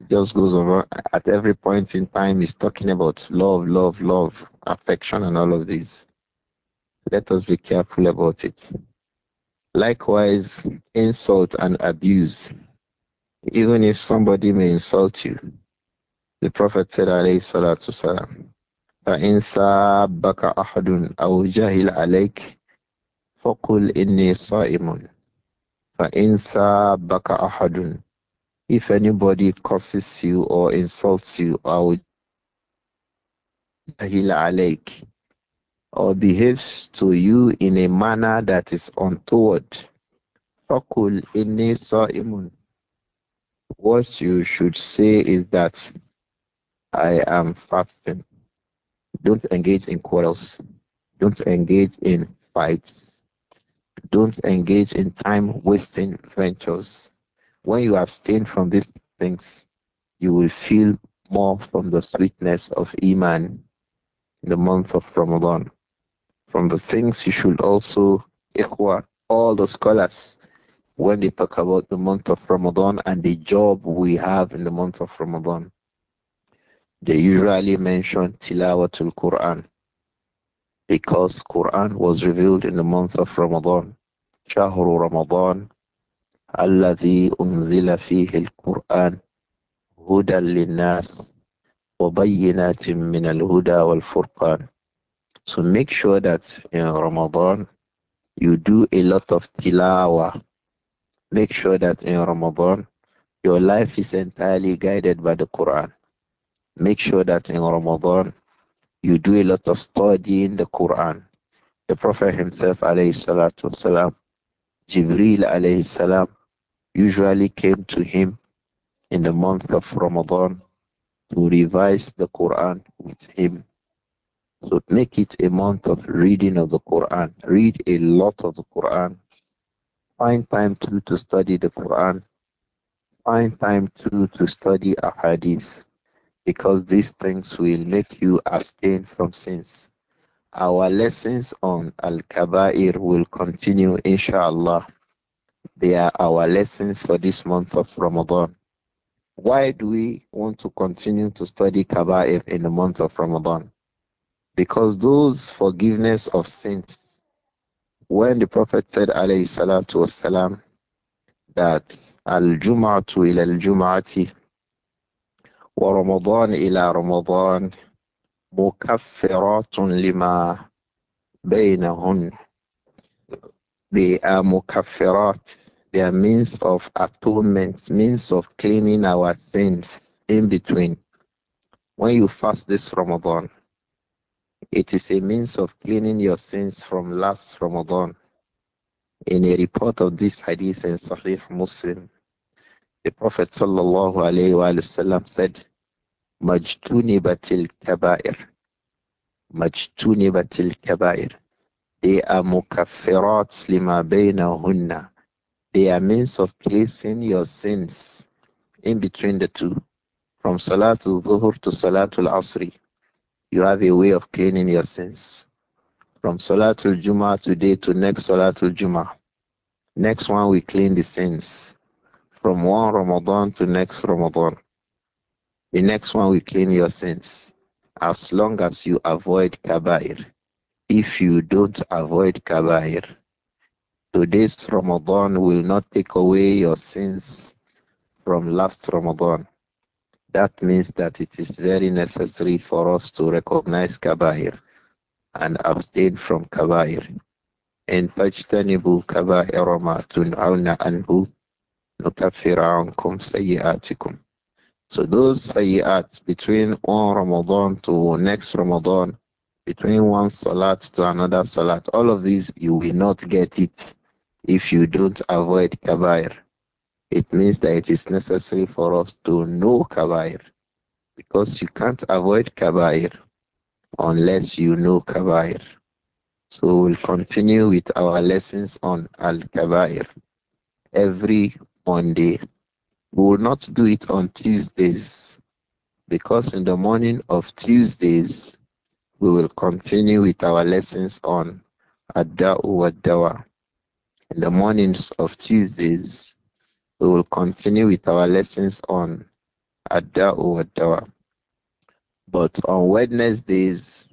Speaker 1: It just goes over at every point in time. He's talking about love, love, love, affection, and all of these. Let us be careful about it. Likewise, insult and abuse. Even if somebody may insult you, the Prophet said, alayhi salatu salam, فَإِنْ سَابَّكَ أَحَدٌ أَوْ جَهِلَ عَلَيْكَ فَقُلْ إِنِّي صَائِمٌ فَإِنْ ثَابَكَ أَحَدٌ If anybody curses you or insults you, or behaves to you in a manner that is untoward. فَقُلْ إِنِّي صَائِمٌ What you should say is that I am fasting. Don't engage in quarrels. Don't engage in fights don't engage in time wasting ventures. When you abstain from these things, you will feel more from the sweetness of Iman in the month of Ramadan. From the things you should also, ikhwa, all the scholars, when they talk about the month of Ramadan and the job we have in the month of Ramadan, they usually mention Tilawatul Quran because Quran was revealed in the month of Ramadan. شهر رمضان الذي أنزل فيه القرآن هدى للناس وبينات من الهدى والفرقان. So make sure that in Ramadan you do a lot of tilawa. Make sure that in Ramadan your life is entirely guided by the Quran. Make sure that in Ramadan you do a lot of studying the Quran. The Prophet himself, alayhi salatu wasalam, Jibril alayhi salam, usually came to him in the month of Ramadan to revise the Quran with him. So make it a month of reading of the Quran. Read a lot of the Quran. Find time too to study the Quran. Find time too to study a hadith because these things will make you abstain from sins. Our lessons on Al Kaba'ir will continue, inshallah. They are our lessons for this month of Ramadan. Why do we want to continue to study Kaba'ir in the month of Ramadan? Because those forgiveness of sins, when the Prophet said, alayhi salatu wasalam, that Al Jum'atu ila Al Jum'ati, ورمضان إلى رمضان مكفرات لما بينهن They are mukaffirat. They are means of atonement, means of cleaning our sins in between. When you fast this Ramadan, it is a means of cleaning your sins from last Ramadan. In a report of this hadith in Sahih Muslim, the Prophet sallallahu alayhi wa sallam said, Majtunibatil kabair. Majtunibatil kabair. They are mukaffirat lima baynahunna. They are means of placing your sins in between the two. From Salatul Zuhur to Salatul Asri, you have a way of cleaning your sins. From Salatul Juma today to next Salatul Juma. Next one, we clean the sins from one Ramadan to next Ramadan. The next one will clean your sins as long as you avoid Kabair. If you don't avoid Kabair, today's Ramadan will not take away your sins from last Ramadan. That means that it is very necessary for us to recognize Kabair and abstain from Kabair. In Fajtanibu Kabair Rama Tun'awna Anhu so those sayyat between one Ramadan to next Ramadan, between one salat to another salat, all of these you will not get it if you don't avoid kabair. It means that it is necessary for us to know kabair because you can't avoid kabair unless you know kabair. So we'll continue with our lessons on al kabair every Monday. We will not do it on Tuesdays because in the morning of Tuesdays, we will continue with our lessons on Adda'u wa In the mornings of Tuesdays, we will continue with our lessons on Adda'u wa But on Wednesdays,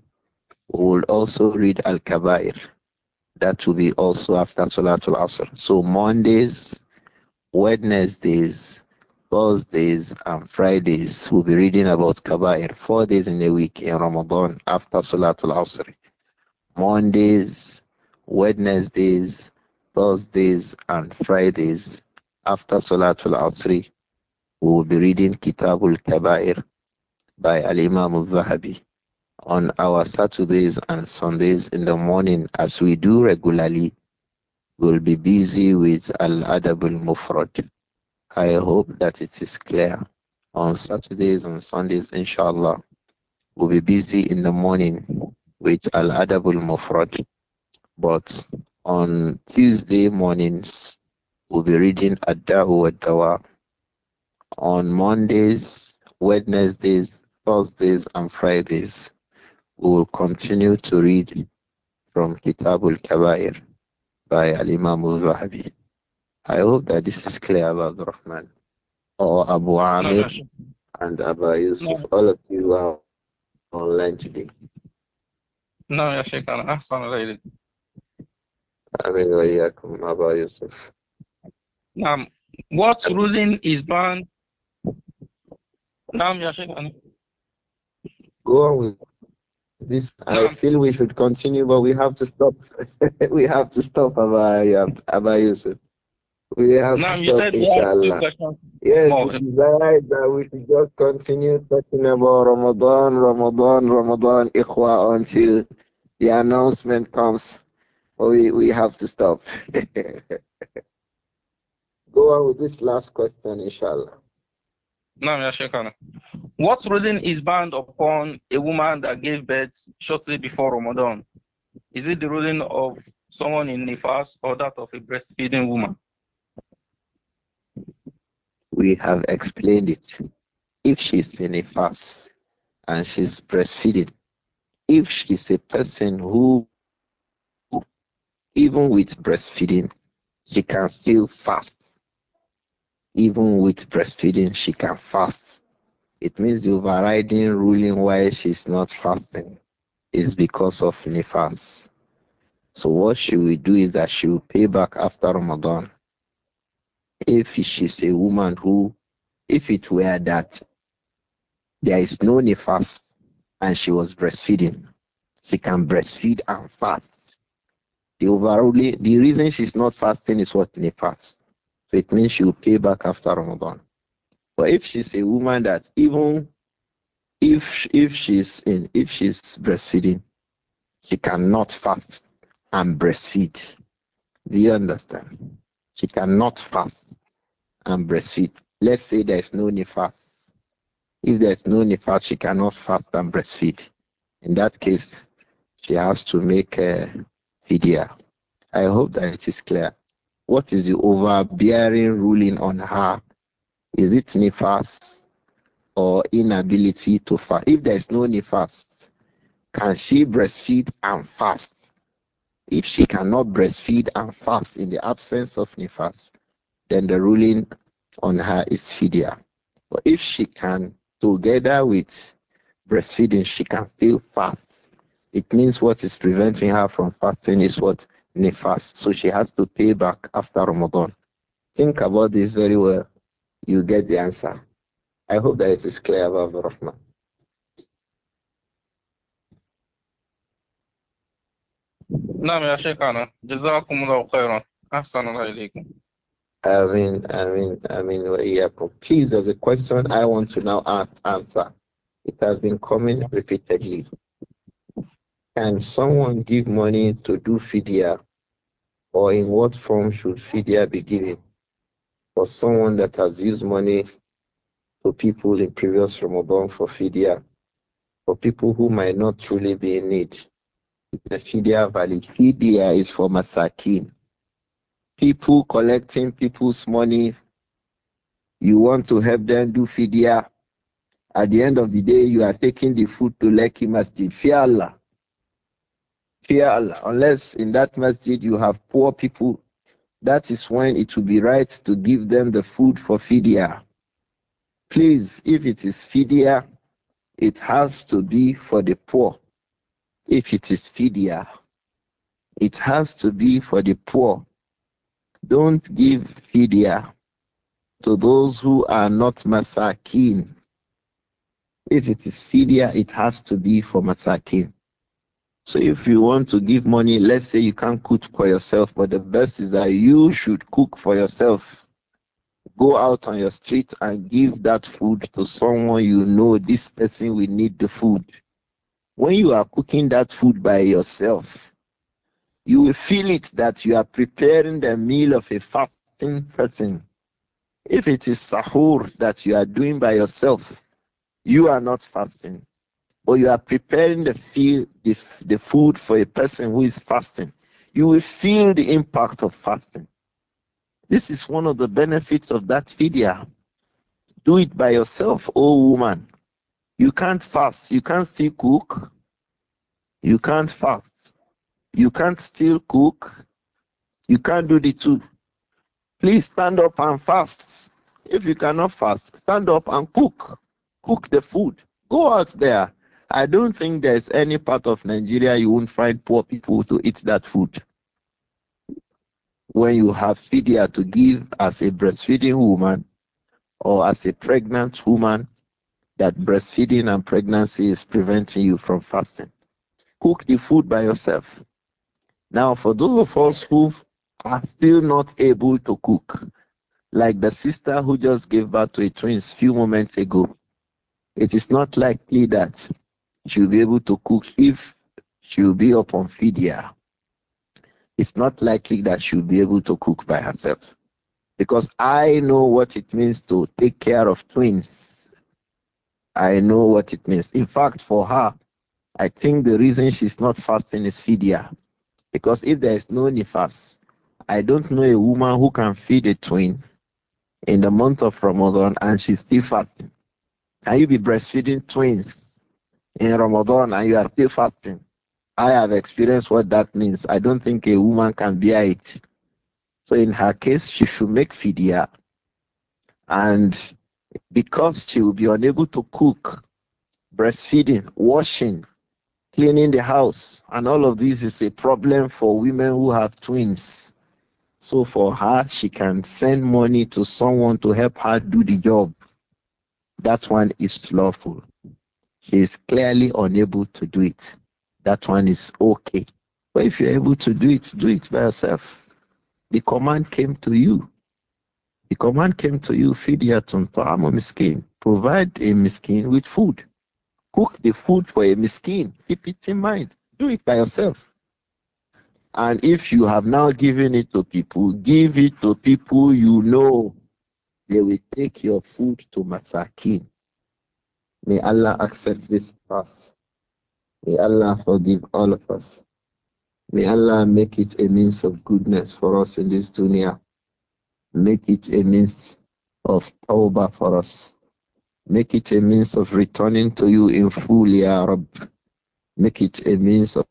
Speaker 1: we will also read Al Kabair. That will be also after Salatul Asr. So Mondays, Wednesdays, Thursdays, and Fridays, we'll be reading about Kaba'ir four days in a week in Ramadan after Salatul Asr. Mondays, Wednesdays, Thursdays, and Fridays after Salatul Asr, we will be reading Kitabul Kaba'ir by Al Imam al Zahabi on our Saturdays and Sundays in the morning as we do regularly We'll be busy with Al adabul Mufrad. I hope that it is clear. On Saturdays and Sundays, inshallah, we'll be busy in the morning with Al adabul Mufrad. But on Tuesday mornings, we'll be reading Ad-Da'u ad On Mondays, Wednesdays, Thursdays, and Fridays, we will continue to read from Kitabul al-Kabair by Al Imam al Zahabi. I hope that this is clear, Abu Rahman or Abu Amir no, and Abu Yusuf. No. All of you are online today. No, نعم يا شيخنا أحسن إليك Wa yakum, Abu Yusuf. نعم what ruling is banned نعم يا شيخنا go on with this I feel we should continue, but we have to stop. we have to stop Abba, Abba Yusuf. We have to stop, inshallah. Yes, we decide that we should just continue talking about Ramadan, Ramadan, Ramadan, Ikhwa until the announcement comes. We, we have to stop. Go on with this last question, inshallah. Naam, What ruling is banned upon a woman that gave birth shortly before Ramadan? Is it the ruling of someone in Nifas or that of a breastfeeding woman? We have explained it. If she's in Nifas and she's breastfeeding, if she's a person who, even with breastfeeding, she can still fast even with breastfeeding, she can fast. It means the overriding ruling why she's not fasting is because of nifas. So what she will do is that she will pay back after Ramadan. If she's a woman who, if it were that there is no nifas and she was breastfeeding, she can breastfeed and fast. The overall the reason she's not fasting is what nifas. So it means she will pay back after Ramadan. But if she's a woman that even if if she's in if she's breastfeeding, she cannot fast and breastfeed. Do you understand? She cannot fast and breastfeed. Let's say there's no nifas. If there's no nifas, she cannot fast and breastfeed. In that case, she has to make a fidya. I hope that it is clear. What is the overbearing ruling on her? Is it nefas or inability to fast? If there is no nefas, can she breastfeed and fast? If she cannot breastfeed and fast in the absence of nefas, then the ruling on her is fidya. But if she can, together with breastfeeding, she can still fast. It means what is preventing her from fasting is what Nefas, So she has to pay back after Ramadan. Think about this very well. You get the answer. I hope that it is clear about the Rahman. نعم يا شيخنا جزاكم الله خيرا أحسن الله إليكم Amin, Amin, Amin, Wa'iyakum. Please, there's a question I want to now answer. It has been coming repeatedly. Can someone give money to do fidya? Or in what form should fidya be given? For someone that has used money to people in previous Ramadan for fidya, for people who might not truly be in need. The fidya valid. Fidya is for masakin. People collecting people's money. You want to help them do fidya. At the end of the day, you are taking the food to Lekki Masjid. Fi Allah fear Allah. Unless in that masjid you have poor people, that is when it will be right to give them the food for fidya. Please, if it is fidya, it has to be for the poor. If it is fidya, it has to be for the poor. Don't give fidya to those who are not masakin. If it is fidya, it has to be for masakin. So if you want to give money, let's say you can't cook for yourself, but the best is that you should cook for yourself. Go out on your street and give that food to someone you know this person will need the food. When you are cooking that food by yourself, you will feel it that you are preparing the meal of a fasting person. If it is sahur that you are doing by yourself, you are not fasting but you are preparing the, the, the food for a person who is fasting, you will feel the impact of fasting. This is one of the benefits of that fidya. Do it by yourself, oh woman. You can't fast. You can't still cook. You can't fast. You can't still cook. You can't do the two. Please stand up and fast. If you cannot fast, stand up and cook. Cook the food. Go out there. I don't think there's any part of Nigeria you won't find poor people to eat that food. When you have here to give as a breastfeeding woman or as a pregnant woman, that breastfeeding and pregnancy is preventing you from fasting. Cook the food by yourself. Now, for those of us who are still not able to cook, like the sister who just gave birth to a twins few moments ago, it is not likely that she'll be able to cook if she'll be up on fidya. It's not likely that she'll be able to cook by herself because I know what it means to take care of twins. I know what it means. In fact, for her, I think the reason she's not fasting is fidya. Because if there is no nifas, I don't know a woman who can feed a twin in the month of Ramadan and she's still fasting. Can you be breastfeeding twins? in Ramadan and you are still fasting. I have experienced what that means. I don't think a woman can bear it. So in her case, she should make fidya. And because she will be unable to cook, breastfeeding, washing, cleaning the house, and all of this is a problem for women who have twins. So for her, she can send money to someone to help her do the job. That one is lawful. She is clearly unable to do it. That one is okay. But if you're able to do it, do it by yourself. The command came to you. The command came to you, feed your Ta'amu Miskin. Provide a miskin with food. Cook the food for a miskin. Keep it in mind. Do it by yourself. And if you have now given it to people, give it to people you know. They will take your food to Masakin. May Allah accept this fast. May Allah forgive all of us. May Allah make it a means of goodness for us in this dunya. Make it a means of tawbah for us. Make it a means of returning to you in full, Ya Rabb. Make it a means of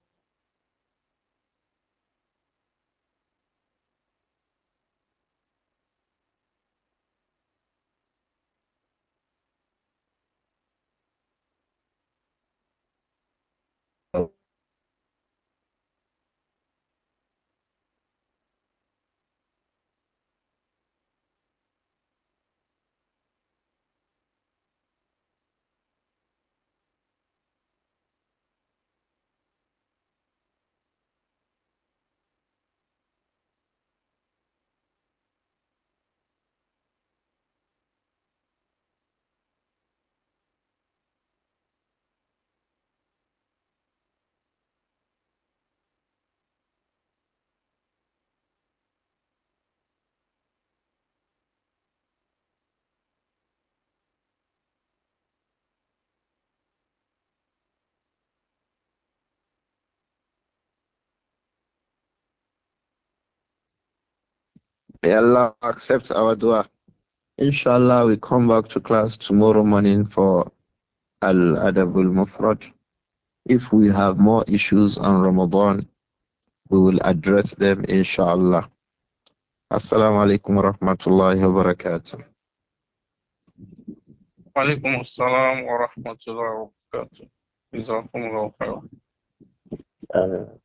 Speaker 1: May Allah accept our dua. Inshallah, we come back to class tomorrow morning for Al Adabul Mufrad. If we have more issues on Ramadan, we will address them, inshallah. Assalamu alaikum wa rahmatullahi wa barakatuh. وعليكم السلام ورحمة الله وبركاته جزاكم الله خيرا